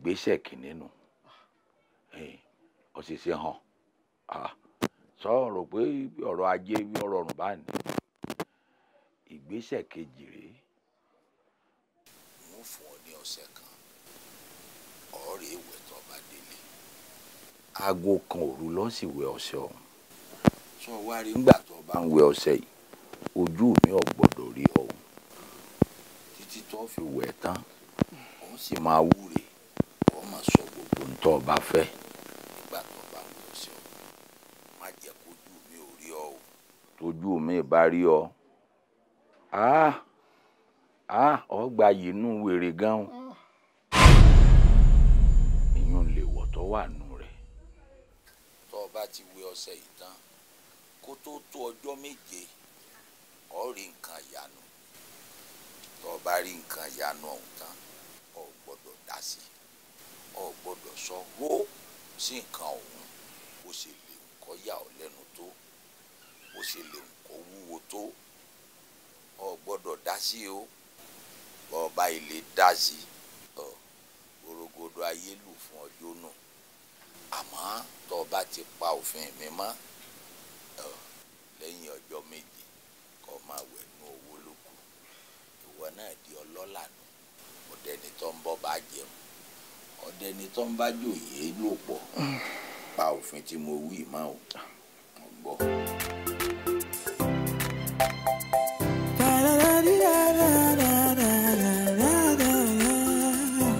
Speaker 6: ìgbésẹ̀ kìíní nu ọ̀ṣẹ̀ṣẹ̀ hàn sọ̀rọ̀ pé ọ̀rọ̀ ajé bí ọ̀rọ̀ ọ̀rùn bá ní ìgbésẹ̀ kejì rèé. wọ́n fún ọ ní ọ̀sẹ̀ kan ọ̀rẹ́ ìwẹ̀ tó bá délé. aago kan òru lọ sí wẹ ọṣẹ ọ̀hún. sọ wá rí nígbà tó bá ń wẹ ọṣẹ yìí ojú mi ò gbọ́dọ̀ rí ọ̀hún títí tó fi wẹ̀ tán òun sì máa wúre tó o bá fẹ́. nígbà tó bá wù ú sí ọ má jẹ́ kójú mi ò rí ọ o. tójú mi bá rí ọ ah ah ọgbà yìí nù wèrè gan o ìyún lè wọ̀ tó wà nù rẹ̀. tó o bá ti wé ọṣẹ yìí tán kó tó tó ọjọ́ méje o rí nǹkan ìyanu tó o bá rí nǹkan ìyanu ọ̀hún tán o gbọ́dọ̀ dá sí i ọ gbọ́dọ̀ sọ wó sí nǹkan ọ̀hún bó ṣe lè kọ́ yà ọ́ lẹ́nu tó bó ṣe lè kọ́ wúwo tó ọ gbọ́dọ̀ dá sí o bọ́ọ̀bá ilé dá sí ọ gbòrògbòdò ayé lù fún ọjọ́ náà àmọ́ tó o bá ti pa òfin mi mọ́ ọ lẹ́yìn ọjọ́ méje kó o máa wẹ̀nu owó lóko ìwọ náà di ọlọ́lànà ọ̀dẹ́ni tó ń bọ́ bá jẹun ọ̀dẹ̀ ni tó ń bá jòyè lò pọ̀ pa òfin tí mo wí mọ́ o mo gbọ́.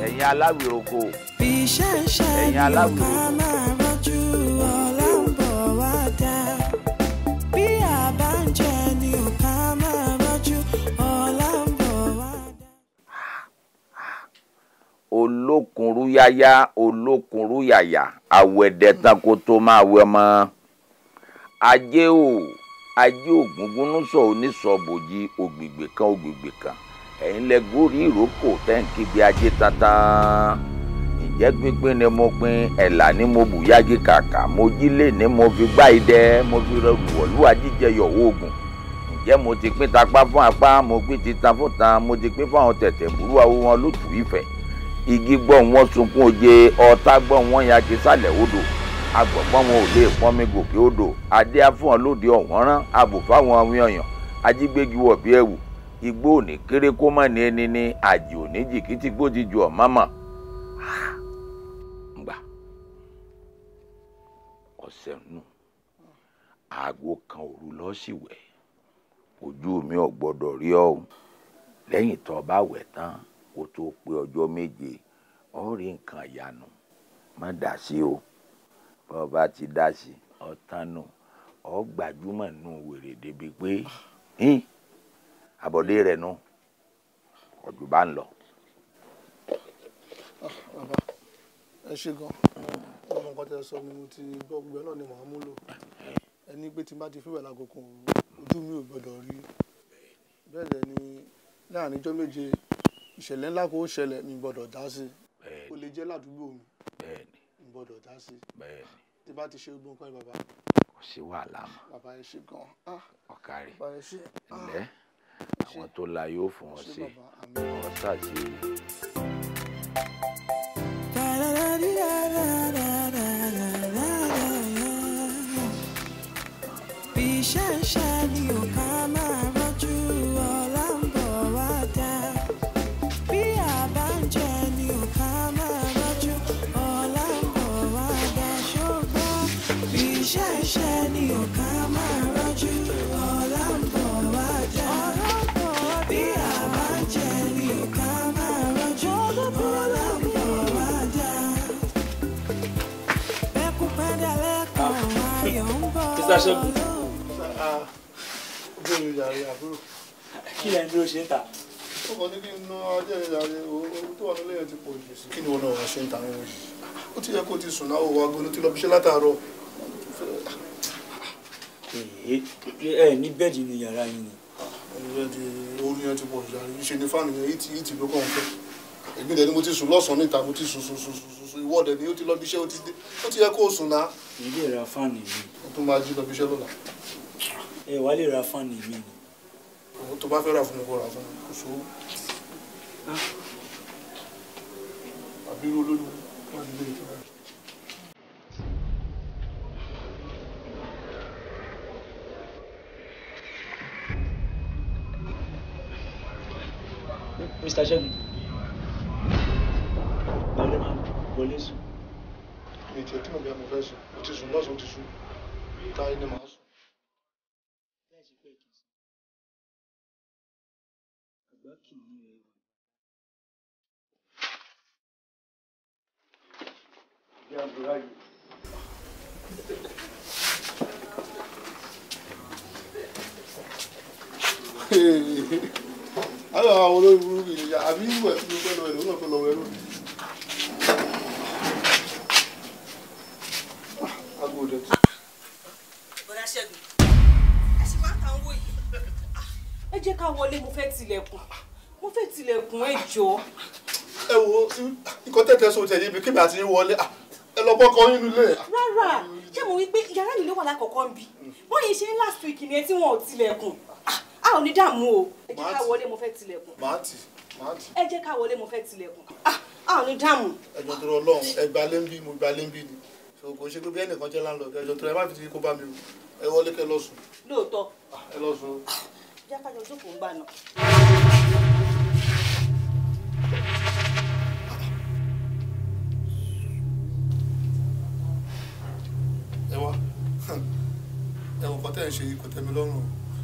Speaker 4: ẹ̀yin aláwìroko ẹ̀yin aláwìroko.
Speaker 6: olókunrúyáyá olókunrúyàyà àwẹ̀dẹ̀ tán kó tó máa wẹ ọmọ ajé o ajé ògúngúnúsọ onísọbòjì ògbègbè kan ògbègbè kan ẹ̀yin lẹ ìrókò tẹ́ǹkì bíi ajé tantan ìjẹ́ pínpín ni mo pín ẹ̀là ni mo bù yági kàkà mo jí lè ní mo fi gbá idẹ mo fi rọrùn wọ̀lúwà jíjẹ yọ̀ oògùn ǹjẹ́ mo ti pín tapá fún apá mo pín titan fún tan mo ti pín fún àwọn tẹ̀tẹ̀ burú àwọn olùtù ìfẹ́ igi gbọ́n wọn sunkún oje ọ̀tá gbọ́n wọn ya kí sálẹ̀ odò agbọ̀gbọ́n wọn ò lè pọ́nmi gòkè odò adé afúnwọn lóde ọ̀wọ́n rán abò fáwọn awuyọ̀yàn ajígbégi wọ̀ bí ẹ̀wù igbó òní kéré kó má ní ẹni ní àjì òní jìkìtì gbòdì ju ọ̀ mọ́mọ́ ah, ngbà ọ̀sẹ̀ nù aago kan òru lọ́sìwẹ̀ ojú mi ò gbọ́dọ̀ rí ọ lẹ́yìn tó o bá wẹ̀ tán kó tó pé ọjọ́ méje ọ rí nǹkan ìyanu má dà sí o bá ọ bá ti dá sí ọ tánu ọ gbajúmọ̀ nù wèrè débi pé àbọ̀dé rẹ̀ nù ọ̀dùn bá ń lọ.
Speaker 3: Ah, ẹ ṣe gan ọmọ nǹkan tẹ sọ ni mo ti gbọ́ gbogbo náà ni màá múlò ẹni pé tí n bá ti fíwẹ̀ lágòkò ojú mi ò gbọ́dọ̀ rí bẹ́ẹ̀ ni láàrin ijọ́ méje ìṣẹ̀lẹ̀ ńlá kò ṣẹlẹ̀ mi gbọ́dọ̀ dá sí i lè jẹ́ ládùúgbò mi mi gbọ́dọ̀ dá sí i tí bá ti ṣe gbogbo
Speaker 6: nǹkan bàbá. kò sí wàhálà mọ́ bàbá ẹ ṣe gan ah. ọkàrí ah. ǹlẹ́ àwọn tó la yóò fún ọ sí ọ sàtì.
Speaker 4: bí ṣáṣá
Speaker 5: Mr. Ṣẹ́gun.
Speaker 3: Ojú mi jàre àbúrò. Kí lẹ́yìn dúró ṣe ń tà? Ọmọ ní kí n ná ajé mi jàre owó tó wà nílé yẹn ti pọ̀ jù sí. Kí ni wọn náà wá ṣe ń ta àwọn òye? Ó ti yẹ kó ti sùn láwọ̀ wa gan-an tí lọ fi ṣe látàárọ̀. Ẹ ní bẹ́ẹ̀dì ni yàrá yín ni. Bẹ́ẹ̀dì orí yẹn ti pọ̀ jù jàre. Ṣé ni fáànù yẹn ìtì ló kàn fẹ́? Èmi dẹ̀ ni mo ti sùn lọ́sàn-án níta mo ti sùn sùn sùn sùn ìwọ́dẹ̀ ni ó ti lọ bí iṣẹ́ ó ti yẹ kó sùn náà. Ilé ìra fáànù yìí tó máa jí lọ bí iṣẹ́ lọ́la. ẹ wàá lè ra fáànù mi ni. òun tó bá fẹ́ rà fún mi kó rà fún mi kò sówó. Ah. àbí irú olóyún wà nílé ìtura.
Speaker 1: Mr. Segun. Balẹ̀ máa wọlé sùn. Ètò ìtumọ̀ bí a mọ̀ sùn, ó ti sùn lọ́sàn
Speaker 5: ti sùn. Ta ah, ni
Speaker 7: ọ̀dà ṣẹ́gun ẹ ṣì máa ń kàn wò yìí. ẹ jẹ́ ká wọlé mo fẹ́ tilẹ̀kùn mo fẹ́ tilẹ̀kùn
Speaker 3: ẹ jọ̀ọ́. ẹ wo nǹkan tẹ̀tẹ̀ sọ tẹ̀yẹ ibi kí mi àti yín wọlé ẹ lọ bọ́kọ yín lulẹ̀.
Speaker 7: rárá ṣé mo wí pé yàrá mi ló wà lákọ̀ọ́kọ́ ń bi wọ́n yìí ṣe ń last week ni ẹ tí wọ́n ò tilẹ̀kùn a ò ní dààmú
Speaker 3: o ẹ jẹ́ ká
Speaker 7: wọlé mo fẹ́ tilẹ̀kùn. màátì ẹ jẹ́ ká wọlé mo fẹ́ tilẹ̀kùn
Speaker 3: a ò ní dààmú. ẹjọ tó rọ Ọlọ́run ẹ gbalẹ ń bí mo gbalẹ ń bí ni ṣòkò ṣe pé bí ẹnìkan jẹ láńlọọdù ẹjọ tó rẹ má fi ti kó bá mi rò ẹ wọlé kẹ lọ sùn. lóòótọ́. Ah, ẹ lọ sùn.
Speaker 4: jẹ́ ká jọ jókòó
Speaker 7: gbà náà.
Speaker 3: ẹ wá ẹ wọ kọtẹ ẹ ṣe kọtẹ mi lọ́rùn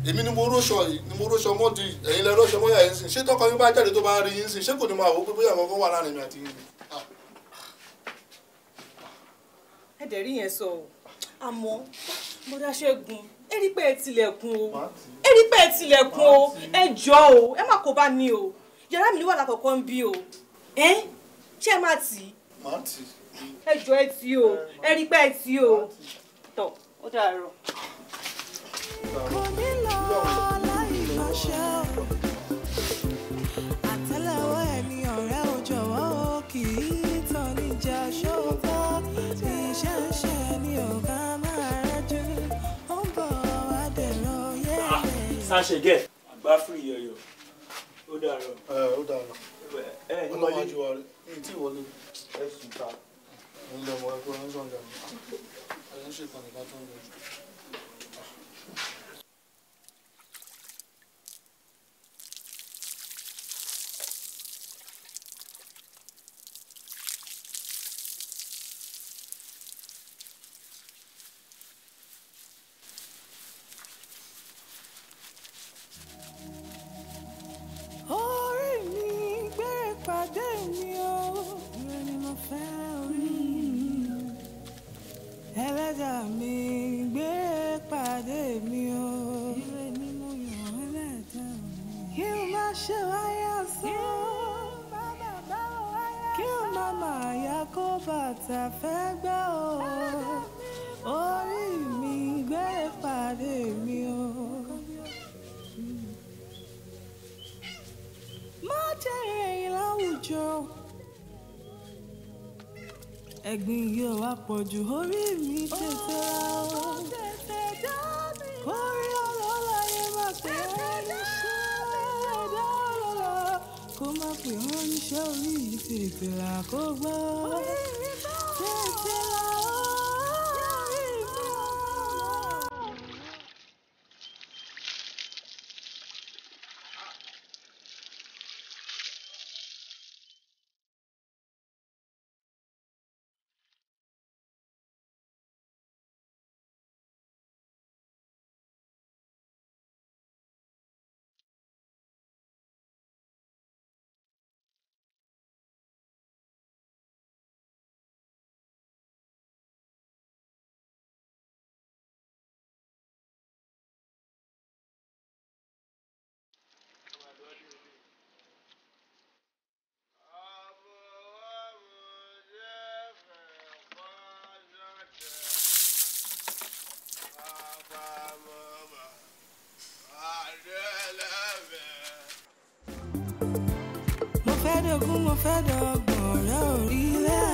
Speaker 6: èmi ni mo róṣọ yìí
Speaker 3: ni mo róṣọ mọ́ di ẹ̀yin lẹ róṣọ mọ́ yà yín sìn ṣé tọkọ yín bá jáde tó bá rí yín sìn ṣé kò ní máa wò ó pé bóyá àwọn kan wà láàrin mi àti yín. Ah.
Speaker 7: ẹ̀dẹ̀ rí yẹn sọ o àmọ́ Mọ́dáṣẹ́gun ẹ rí pé ẹ tilẹ̀kùn o ẹ rí pé ẹ tilẹ̀kùn o ẹ jọ o ẹ má kó bá mi o yàrá mi ló wà lákọ̀ọ́kọ́ ń bí o ẹ ṣé ẹ má tì í ẹ jọ ẹ tì o ẹ ẹ tì o tọ
Speaker 4: ó dàárọ̀. kò ní lọ láì lọ́ṣẹ́ o àtẹ́lẹwọ́ ẹni ọ̀rẹ́ ò jọ̀wọ́ kì í.
Speaker 2: can ṣe gẹ̀ àgbá
Speaker 3: fún ìyọyọ ó dàrọ. ẹ ó dàrọ. ẹ ní wọlé ju wa ní tí wọlé ẹ sùn ta. ẹ ń lọ mọ ẹgbẹ́ ọ̀hún sọ̀ndà mi. ẹ ń ṣètò àgbà tó ń lọ jù.
Speaker 4: àpọ̀jù orí mi tètè ra o. Orí ọlọ́lá yẹ máa pè é níṣẹ́ ẹ̀dá ọlọ́lá. Kó má pè wọ́n níṣẹ́ orí mi tètè ra kó gbọ́.
Speaker 5: Tètè ra.
Speaker 4: mo fẹ́ dogun mo fẹ́ dọgbọ̀n ọ̀rẹ́ orílẹ̀.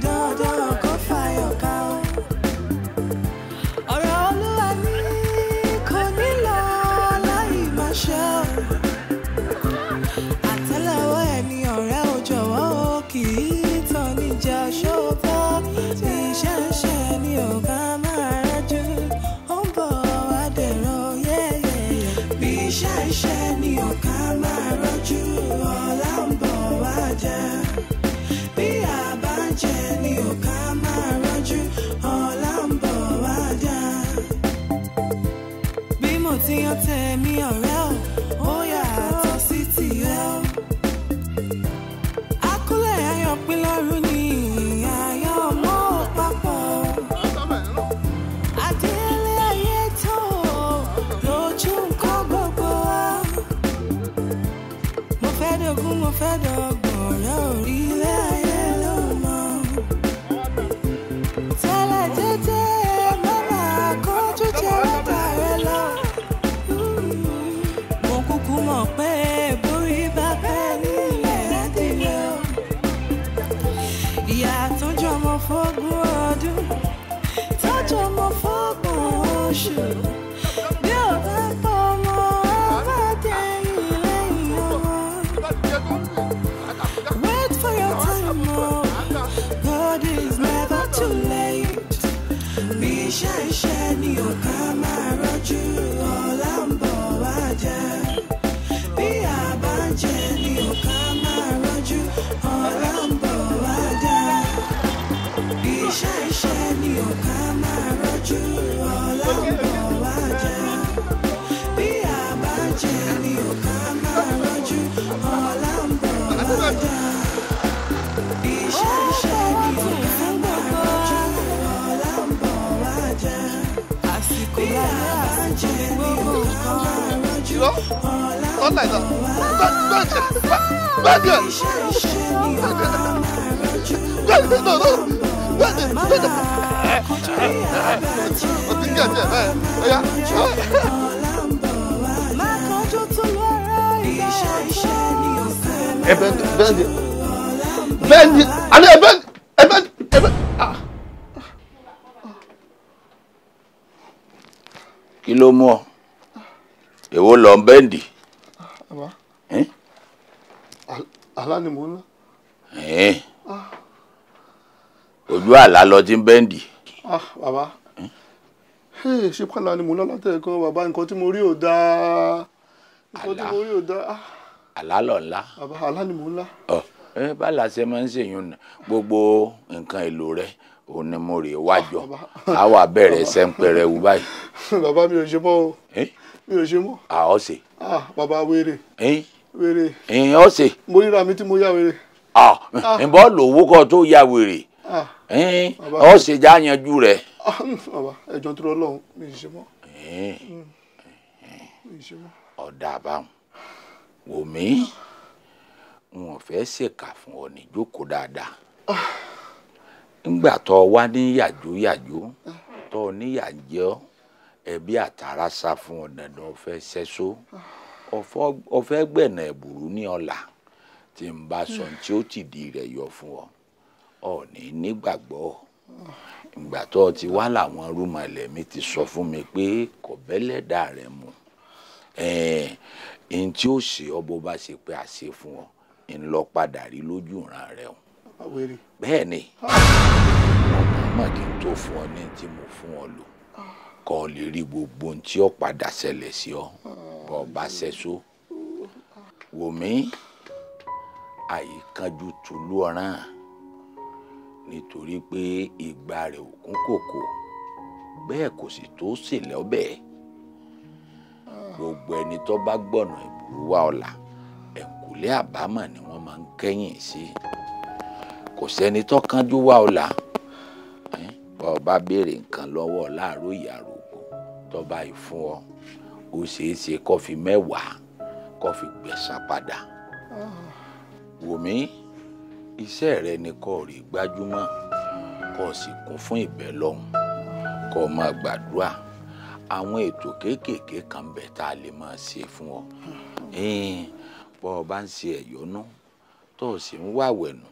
Speaker 4: don't 来的，断断绝，断绝，断绝，断绝，断断
Speaker 5: 绝，断绝，哎哎，我听见见，哎哎呀，
Speaker 3: 哎，ben ben ben，啊那 ben。
Speaker 6: kí ló mú ọ èwo lọ bẹ́ǹdì
Speaker 3: Bàbá. Àlá ni mò ń
Speaker 6: lá. Ojú àlá lọ ti ń bẹ́ǹdì.
Speaker 3: Ah, bàbá. Ṣé pàlà ni mò ń lọ́lá tẹ̀ kan bàbá nǹkan tí mo rí ò dáa. Nǹkan tí mo rí ò dáa. Ah.
Speaker 6: Àlá lọ̀ ńlá.
Speaker 3: Bàbá àlá ni mò ń lá.
Speaker 6: Bàlá ṣe máa ń ṣèyún gbogbo nǹkan èlò rẹ̀ òun ni mo rè wájọ. Ah, Àwa bẹ̀rẹ̀ sẹ́ńpẹrẹ wù báyìí. Bàbá mi ò ṣe mọ́ o mi ò ṣe mọ́. à ọ ṣe.
Speaker 3: ah bàbá wèrè. wèrè.
Speaker 6: ẹyin ọ ṣe. mo ríra mi tí mo yá wèrè. ah ǹbọ́ lòwó kọ́ tó yá wèrè. ọ ṣe já yanjú rẹ.
Speaker 3: bàbá ẹjọ́ tó rọ lọ́hùn mi ì
Speaker 6: mm. ṣe mọ́. ọ̀dà àbáwọn wò mí wọn fẹ́ ṣèkà fún ọ ní jókòó dáadáa ńgbà ah. tó wá ní yàjóyàjó ah. tó níyàjọ́ ẹbí àtàrà sá fún ọ dandan ọfẹ ṣẹṣọ ọfẹ gbẹ̀nà ẹ̀bùrú ní ọ̀la tí n bá sọ tí ó ti di rẹ̀ yọ fún ọ ọ̀ní nígbàgbọ́ ìgbà tó o ti wá làwọn rúmọlẹ̀ mi ti sọ fún mi pé kọ̀bẹ́lẹ́dà rẹ̀ mu ẹ̀ẹ́n tí ó ṣe ọ bó bá ṣe pé a ṣe fún ọ ń lọ padà rí lójú ìran rẹ o bẹ́ẹ̀ ni ọmọ ah! mọ̀ kí n tó fún ọ ní tí mo fún ọ lò kọ́ ọ lè rí gbogbo ohun tí ó padà ṣẹlẹ̀ sí ọ bọ́ ọ bá ṣẹ́só wò mí àyíkanjú tùlú ọ̀ràn nítorí pé ìgbà rẹ̀ òkun kòkò bẹ́ẹ̀ kò sì tó ṣèlẹ̀ ọbẹ̀ gbogbo ẹni tó bá gbọ̀nà ìbúrú wa ọ̀la ẹ̀kúlé àbámọ̀ ni wọ́n máa ń kẹ́yìn sí kò sẹ́ni tó kánjú wa ọ̀la bọ́ béèrè nǹkan lọ́wọ́ láàárọ̀ ìyàrá tọ́ba yìí fún ọ ó ṣeé ṣe kọfí mẹ́wàá kọfí gbẹ̀san padà wòmí iṣẹ́ rẹ ni kó rí gbájúmọ́ kó sì kún fún ìbẹ̀ lọ́hùn kó máa gbàdúrà àwọn ètò kéékèèké kan bẹ̀ tá a lè máa ṣe fún ọ bọ́ ọ bá ń ṣe ẹ̀yọ́nú tó o sì ń wàwẹ̀nù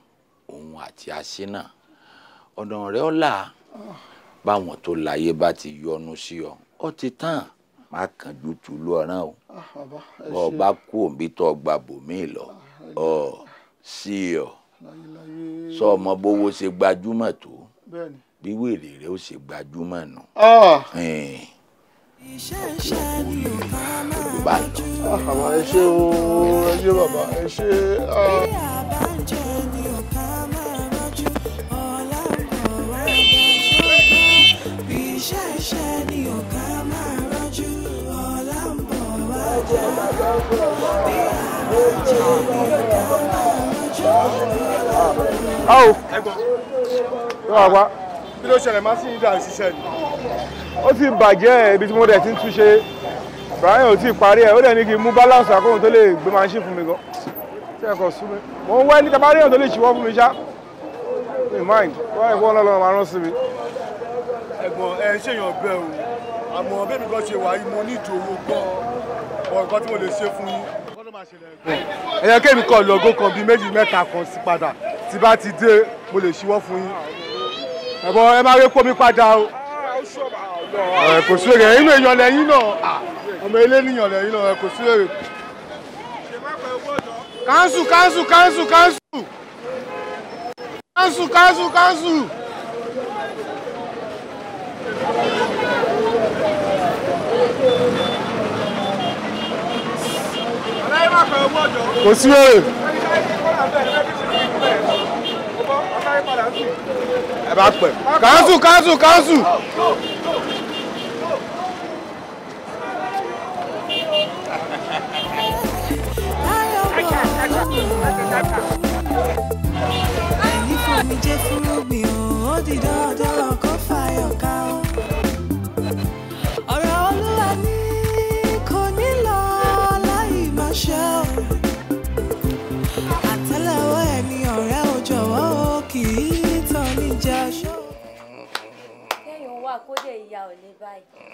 Speaker 6: òun àti aṣínà ọ̀nà rẹ ọ̀la báwọn tó láyé bá ti yọnu sí ọ ó ti tán má kàn ju tùlú ọ̀ràn o ah, bọ́ ọ bá kú òbí tó gba bòmíì lọ ah, ọ sí ọ sọ ọmọ bówó ṣe gbajúmọ̀ tó bí wèrè rẹ ó ṣe gbajúmọ̀ nù. Yorùbá ah! lọ. Ẹ ṣé o, ẹ
Speaker 3: ṣé bàbá, ẹ ṣé.
Speaker 2: awo tó wà wá. bí ló ṣẹlẹ̀ máa ń sìn ìdá ìṣiṣẹ́ ni. ó ti bàjẹ́ ibi tí mo dẹ̀ ti ń túnṣe Brian ò tí ì parí ẹ̀ ó dẹ̀ ní kí n mú balance àkóhun tó lè gbé máa ń ṣe fún mi gan. tí ẹ̀kọ́ sú mi mò ń wẹ́ ní tabari èèyàn tó lè ṣíwọ́ fún mi ṣá mi mind wọ́n ẹ̀kọ́ ọlọ́run máa rán sí mi.
Speaker 3: ẹ̀gbọ́n ẹ ṣèyàn ọgbẹ́ o àmọ́ bẹ́ẹ̀ mi gan ṣe wà yìí mo ní ìdòwò gan ọ̀ nǹkan tí mo lè ṣe fún yín.
Speaker 2: ẹ̀yẹ kémi kọ̀ lọ́gọ́
Speaker 3: kan bíi méjì mẹ́ta kan sí padà tí bá ti dé mo lè ṣíwọ́ fún yín ẹ̀bọ̀ ẹ máa rí kómi padà o
Speaker 2: ah, kò sí èrè inú
Speaker 3: èèyàn lẹ́yìn náà ah, ọmọ ilé níyàn lẹ́yìn náà kò sí èrè.
Speaker 2: kánṣu kánṣu kánṣu kánṣu kánṣu kánṣu kánṣu. kò sí òye. ẹ bá pẹ kanṣu kanṣu kanṣu.
Speaker 4: àìní fún mi jẹ́ fúrúgbìn ó di dandan.
Speaker 7: wà kó lè ya ọ̀lẹ báyìí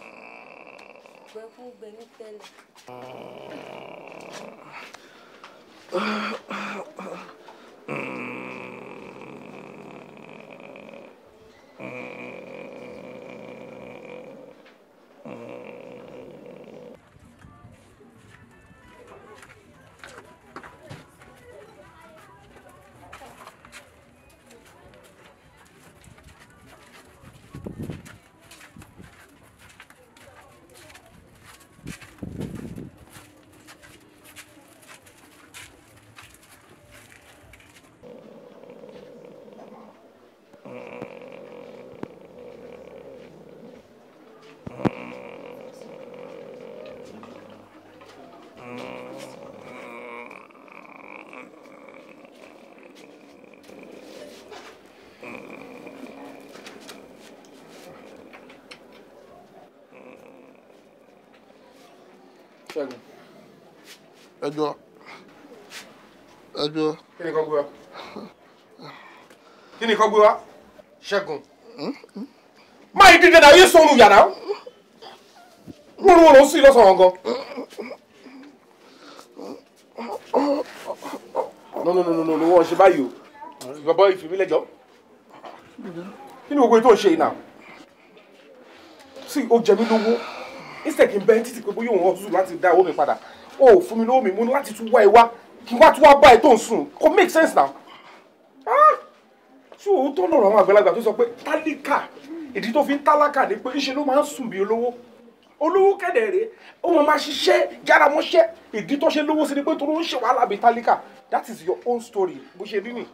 Speaker 7: gbẹ fún
Speaker 5: gbẹmí tẹ́lẹ̀. mm, mm.
Speaker 2: ṣẹ́gun.
Speaker 3: ẹ jọ ẹ jọ.
Speaker 2: kí ni kò gbé wa kí ni kò gbé wa ṣẹ́gun. máa yí dídé náà yé sọ́nù yàrá wọ́n wọ́n sí lọ́sàn-án gan. no no no no no wọ́n ṣe báyìí o bàbá ìfìmílẹ̀jọ́ kí ni gbogbo ètò ìṣe yìí náà sí o jẹ mí lówó instead kí n bẹ́ẹ̀ títí pé bóyá òun ọ̀sùn láti dá owó mi padà o fún mi lówó mi mo láti tún wá ẹ wá kí n wá tún wá bá ẹ tó ń sùn kò make sense now. tí ah! òun tó lọ̀rọ̀ àwọn àgbàlagbà tó sọ pé tálíkà ìdí tó fi ń tálákà ni pé ńṣe ló máa ń sùn bí olówó olówó kẹ̀dẹ̀ rèé ó máa máa ṣiṣẹ́ jára mọ́ṣẹ́ ìdí tó ṣe lówó sí ni pé tó ń ṣe wàhálà bíi tálíkà that is your own story bó ṣe rí nì.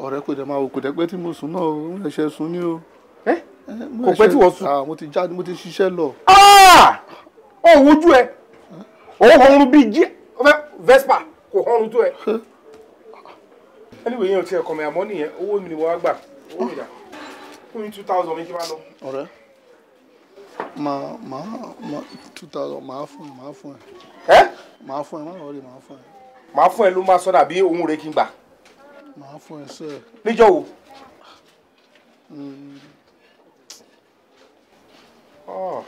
Speaker 3: ọ̀rẹ́ kò dẹ̀ máa wò kò dẹ̀ pé tí mo sùn náà ó ń ṣe sùn ní o.
Speaker 2: ẹ́ eh? kò pẹ́ tí wọ́n sùn.
Speaker 3: Ah, mo ti jáde mo ti ṣiṣẹ́ lọ. Ah!
Speaker 2: ó wojú ẹ òun ọrùn bíi jí vespa kò ọrùn tó ẹ. anyway yẹn ò tiẹ̀ kọ̀mọ̀ àmọ́ nìyẹn owó mi ni wọ́n á gbà owó mi dà fún mi two thousand mi kí n bá lọ.
Speaker 3: ọ̀rẹ́ màá màá màá two thousand màá fún ẹ màá fún ẹ. ẹ màá fún ẹ má lọ rí màá fún ẹ.
Speaker 2: màá fún ẹ ló máa sọ dàbí òun rẹ kí n gbà.
Speaker 3: màá fún ẹ sẹ. níjọ́ wo. Hmm. Ah.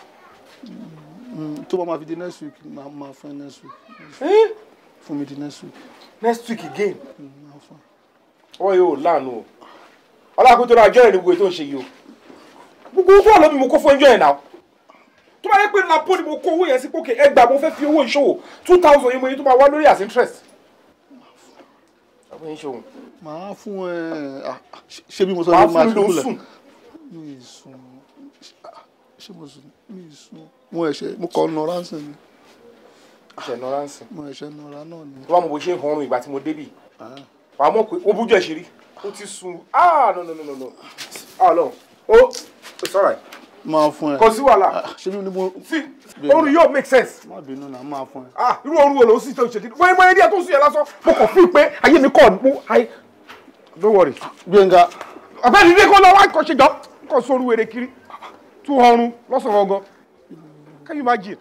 Speaker 3: Mm, tó bá máa fi next week máa máa fún ẹ next week. Eh? fún mi di next week.
Speaker 2: next week again. Mm, ọwọ́ yóò láàánú o ọlákùn tó náà jọ́ ẹ̀rí gbogbo ètò ìṣe yìí o gbogbo owó àlọ́ mi mo kó fún ẹjọ́ ẹ̀ náà tó bá yẹ pé lapo ni mo kó owó yẹn sí pókè ẹgbàá mo fẹ́ fi owó ìṣòwò two thousand yìí mo yẹ tó máa wá lórí as interest ọkùnrin ṣe òun.
Speaker 3: màá fún ẹ ṣé bí mo sọ ní máa tún kúlẹ̀. màá fún mi ló ń sùn ṣé mo sùn mí sùn mo ẹ̀ṣẹ̀ mo kọ́ nọra ń sìn ni. ẹ̀ṣẹ̀ nọra ń sìn. mo ẹ̀ṣẹ̀ nọra náà
Speaker 2: ni. tó bá bó ṣe hàn ìgbà tí mo débì ah. wàá mọ̀ pé ó bújọ́ ìṣeré ó ti sùn ah no no no no no ah no oh it's alright. máa fún ẹ kò sí wàhálà ah, ṣé mi ni mo. sí oru yóò make sense. má bínú náà máa fún ẹ. ah irú oru wo ló sì tó ṣe kí wọ́n mọ ẹni díẹ̀ tó sùn yẹn lásán mo kàn fún pé ayé mi kọ́ don't worry two hundred lọ́sàn-án gangan can you imagine.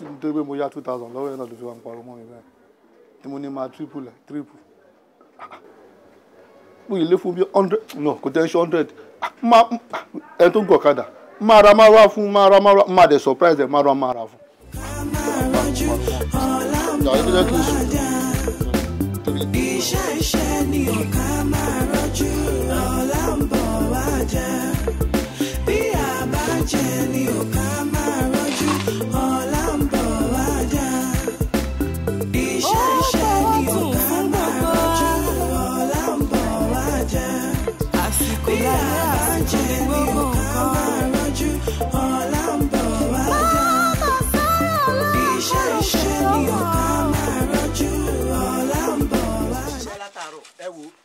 Speaker 3: nítorí pé mo yá two thousand lọ́wọ́ yẹn náà ló fi wá ń parọ́ mọ́ mi báyìí ni mo ní máa triple ẹ̀ triple mo yìí lé fún bí hundred no kò tẹ́ ń ṣe hundred Ma, ẹ̀ tó ń gọ̀ kadà máa ra máa wá fún máa ra máa ra máa dẹ̀ surprise ẹ̀ máa ra máa ra fún.
Speaker 4: iṣẹ́ iṣẹ́ ni ọ̀ká máa rọ́jú ọ̀la ń bọ̀.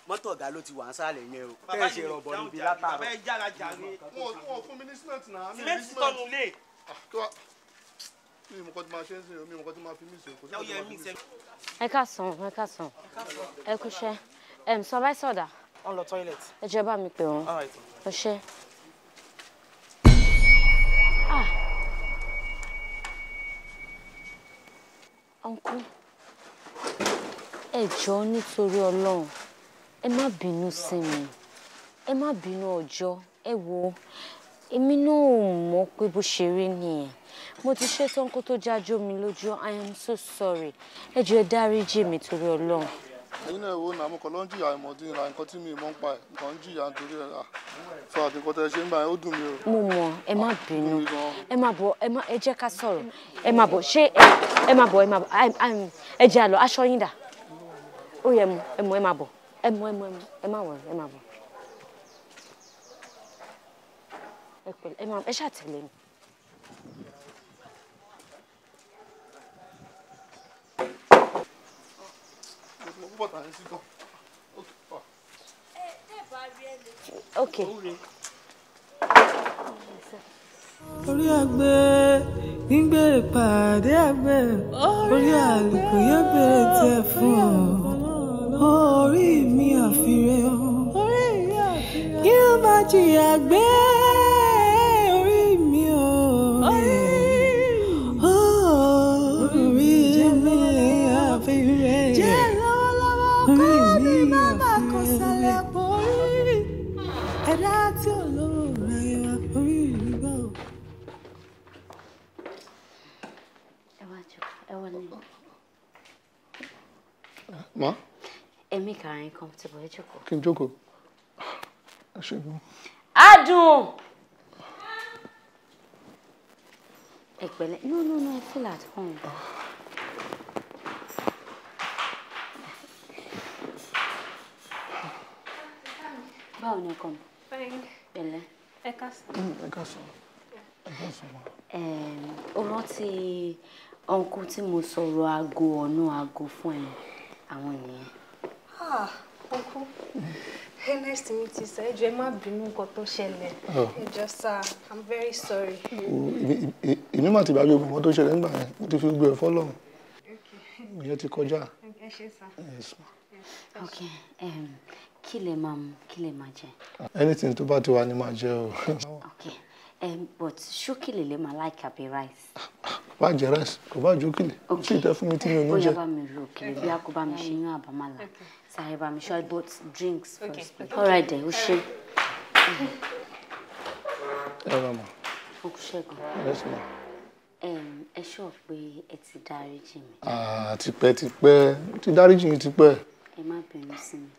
Speaker 2: mọ́tò ọ̀gá ló ti wà ń sálẹ̀ yẹn o bẹ́ẹ̀ ṣe rọ̀bọ̀ níbi látàrọ̀. bàbá ẹ jára jà
Speaker 3: wọn ò fún mi ní símẹ́ǹtì náà. símẹ́ǹtì tọ́nu lé. mi mọ̀kọ́ tí máa ṣe ń sìn mi mọ̀kọ́ tí máa fi mí sìn kò sí ọ̀gá mi sìn.
Speaker 5: ẹ ká sàn
Speaker 7: ẹ ká sàn ẹ kú iṣẹ́ ẹm sọfẹ sọdà. toilet. ẹ jẹ́ bá mi pè wọn ẹ ṣe. Ah. ọ̀nkú ẹ jọ̀ọ́ nítorí Ọlọ́run ẹ má bínú sí mi ẹ má bínú ọjọ́ ẹ wo èmi náà ò mọ̀ pé bó ṣe rí nìyẹn mo ti ṣe tán kó tó jájó mi lójú i am so sorry ẹ jọ̀ọ́ ẹ dáríjì mi torí Ọlọ́run.
Speaker 3: èyí náà wo nàá mo kàn lọ ń jìyà ìmọ̀dé ra nǹkan tí mi mọ̀ ń pa ẹ̀ nǹkan ń jìyà nítorí ẹ̀ rà ah, sọ àti nǹkan tẹ́ ṣe ń bá yẹn ó dùn mí o.
Speaker 7: mo mọ ẹ má ah, bínú ẹ má bọ̀ ẹ má ẹ jẹ́ ká sọ̀rọ̀ ẹ má bọ̀ ṣé ẹ má bọ̀ ẹ má bọ̀ ẹ jẹ́ àlọ́ aṣọ yín dà ó yẹ mu ẹ mọ̀ ẹ má bọ̀ ẹ mọ ẹ mọ ẹ má wọrọ ẹ má bọ ẹ pẹ̀lẹ́ ẹ má ẹ ṣàtìlẹ́yìn. ok.
Speaker 4: orí àgbẹ̀ nígbèrè pàdé àgbẹ̀ orí àlùkò yóò bẹ̀rẹ̀ tẹ̀ fún ọ orí mi àfiré o kí ó má jìyà gbé orí mi o orí mi àfiré jẹ́ lọ́wọ́lọ́wọ́ kó mi má má kó sálẹ̀ bọ̀ orí mi ẹ̀dá tí ò lówó rẹ̀ wá orí mi bá ẹ wá jù ẹ wọlé.
Speaker 3: Ma?
Speaker 7: ẹ make comfortable ẹ jókòó. kí
Speaker 3: n jókòó ẹ ṣe mú.
Speaker 7: no no no feel at home. báwo ni kàn. pẹ̀lẹ́. ẹ ká sọ. Mm, ẹ ká sọ. ẹ ká sọ ma. o rántí ọ̀nkú tí mo sọ̀rọ̀ aago ọ̀nà aago fún ẹ àwọn nìyẹn
Speaker 4: ah uncle nice to meet you. ẹjọ ẹ má bínú nǹkan tó ṣẹlẹ̀ oh. ẹjọ sá i'm very sorry.
Speaker 3: èmi mà ti gbàgbé ogun kan to ṣẹlẹ̀ nígbà yẹn mo ti fi gbé ẹ fọlọ́run ìyẹn ti kọjá.
Speaker 4: ẹ ṣe
Speaker 7: sá. Okay. um, kí lè máa mu kí lè
Speaker 3: anything to bá ti wà ni máa jẹ o. ok
Speaker 7: um, but ṣókìlì lè máa like a àbí rice.
Speaker 3: bá jẹ rice kò bá Okay. kí ìtẹ́ fún mi tí mi ò ní jẹ. ok bóyá bá
Speaker 7: mi rò kìlì bí a kò bá mi ṣe yún àbámọ́lá. Sorry, I'm sure I bought drinks okay. Okay. All right then, Ushe. Hello, ma. Okushegun. Yes, ma. Um, ẹ ṣọ́ pé ẹ ti dáríjì mi.
Speaker 3: Tipẹ́ tipẹ́, ti dáríjì mi tipẹ́.
Speaker 7: Ẹ má bínú sí mi.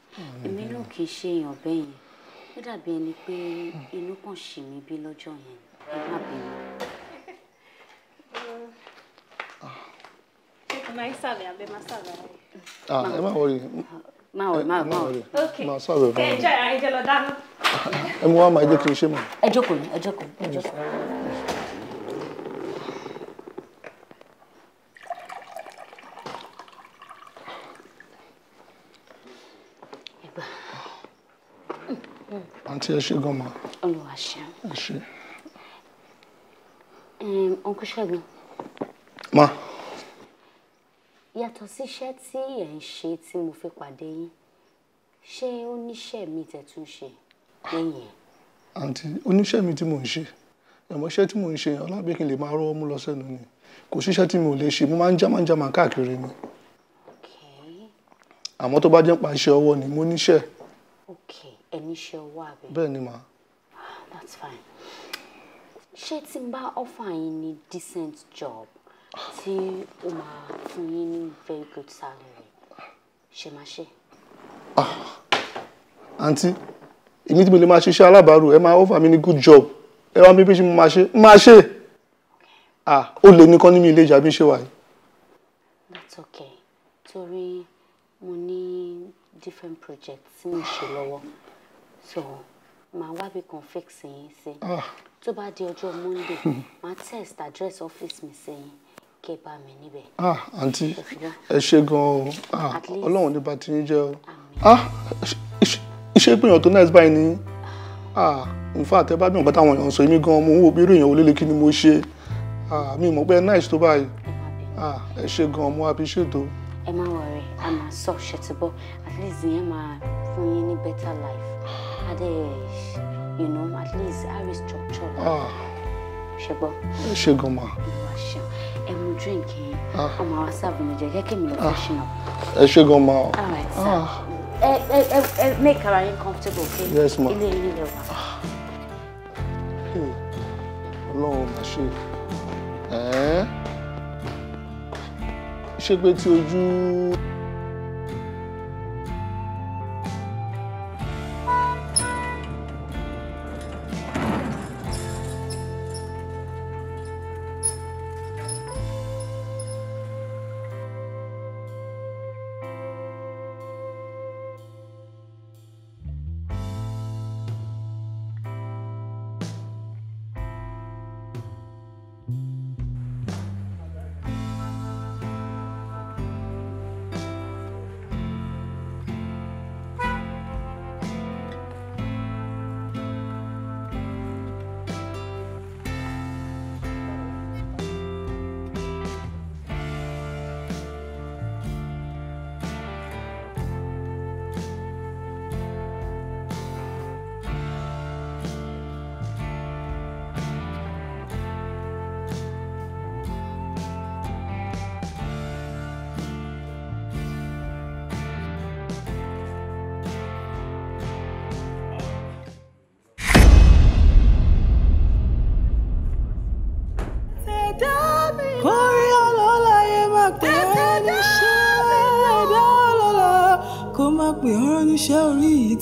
Speaker 7: Èmi náà kì í ṣe èèyàn bẹ́ẹ̀ yẹn. Ó dàbí ẹni pé inú kan ṣì mí bí lọ́jọ́ yẹn. Ẹ má bínú.
Speaker 3: Ẹ má wọrí má wọ má wọ má wọ. ok má sọ̀rọ̀ bá wọn. ẹ jẹ́ ẹ jẹ́ lọ dáná. ẹ mú wa máa jẹ́ kí n ṣe mọ̀. ẹ jókòó ẹ jókòó ẹ jókòó. àǹtí ẹ ṣe gan ma.
Speaker 7: olùwà ṣe. ẹ ṣe. ọ̀nkú
Speaker 3: ṣẹ́gun. ma
Speaker 7: yàtọ̀ síṣẹ́ tí ẹ̀ ń ṣe tí mo fi pàdé yín ṣé oníṣẹ́ mi tẹ̀ tún ṣe lẹ́yìn
Speaker 3: ẹ̀. àǹtí oníṣẹ́ mi tí mò ń ṣe ẹ̀mọ́ṣẹ́ tí mò ń ṣe ọlábẹ́kìn lè máa rọ́wọ́ mú lọ sẹ́nu ni kò síṣẹ́ tí mi ò lè ṣe mo máa ń jámá jámá káàkiri ni. àmọ́ tó bá jẹ́ pa iṣẹ́ ọwọ́ ni mo níṣẹ́.
Speaker 7: ok ẹni iṣẹ́ ọwọ́ àbẹ. bẹ́ẹ̀ ni màá. that's fine ṣé tí n bá ọ́fà yín ní decent job tí ó máa fún yín ní very good salary ṣe máa ṣe. Ah,
Speaker 3: àǹtí èmi tí mo lè máa ṣiṣẹ́ alábàárù ẹ máa offer me ní good job ẹ wá mi bí ṣe mo máa ṣe máa ṣe ah, ó lè nìkan ní mi ilé ìjà bí ṣe wà yìí.
Speaker 7: that's okay torí mo ní different projects tí mo ṣe lọ́wọ́ so màá wá bí kan fix yín sí ah. tó bá di ọjọ́ monday màá test address office mi sẹ́yìn kí ẹ bá mi níbẹ̀.
Speaker 3: ah àǹtí ẹ ṣe gan-an ah ọlọ́run ní bá ti ń jẹ́ o ah iṣẹ́ pèèyàn tó nice báyìí ni ah in fact ẹ bá bí wọn bá táwọn èèyàn sọ èmi gan-an mo ń wo bí irú èèyàn olóle kí ni mo ṣe ah, mi mọ̀ pé nice tó báyìí ah ẹ ṣe gan-an mo appreciate o. ẹ má
Speaker 7: wọrẹ a máa sọ ṣètìbọ at least ìyẹn máa fún yín ní better life adé you know at least i restructure. Ah ṣùgbọ́n. ẹ ṣe gan ma. ẹ mú drink yẹn ọmọ àwọn sáàbù mi jẹ jẹ́ kí mi lọ fẹ́ṣin ah. náà. ẹ ṣe gan ma. Ah. ẹ ẹ ẹ make ara yín comfortable okay. yes ma. ilé yín lè
Speaker 3: wà. Ah. ọlọ́run má ṣe ṣé pé tí ojú.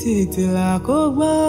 Speaker 4: títí là kó gbọ́.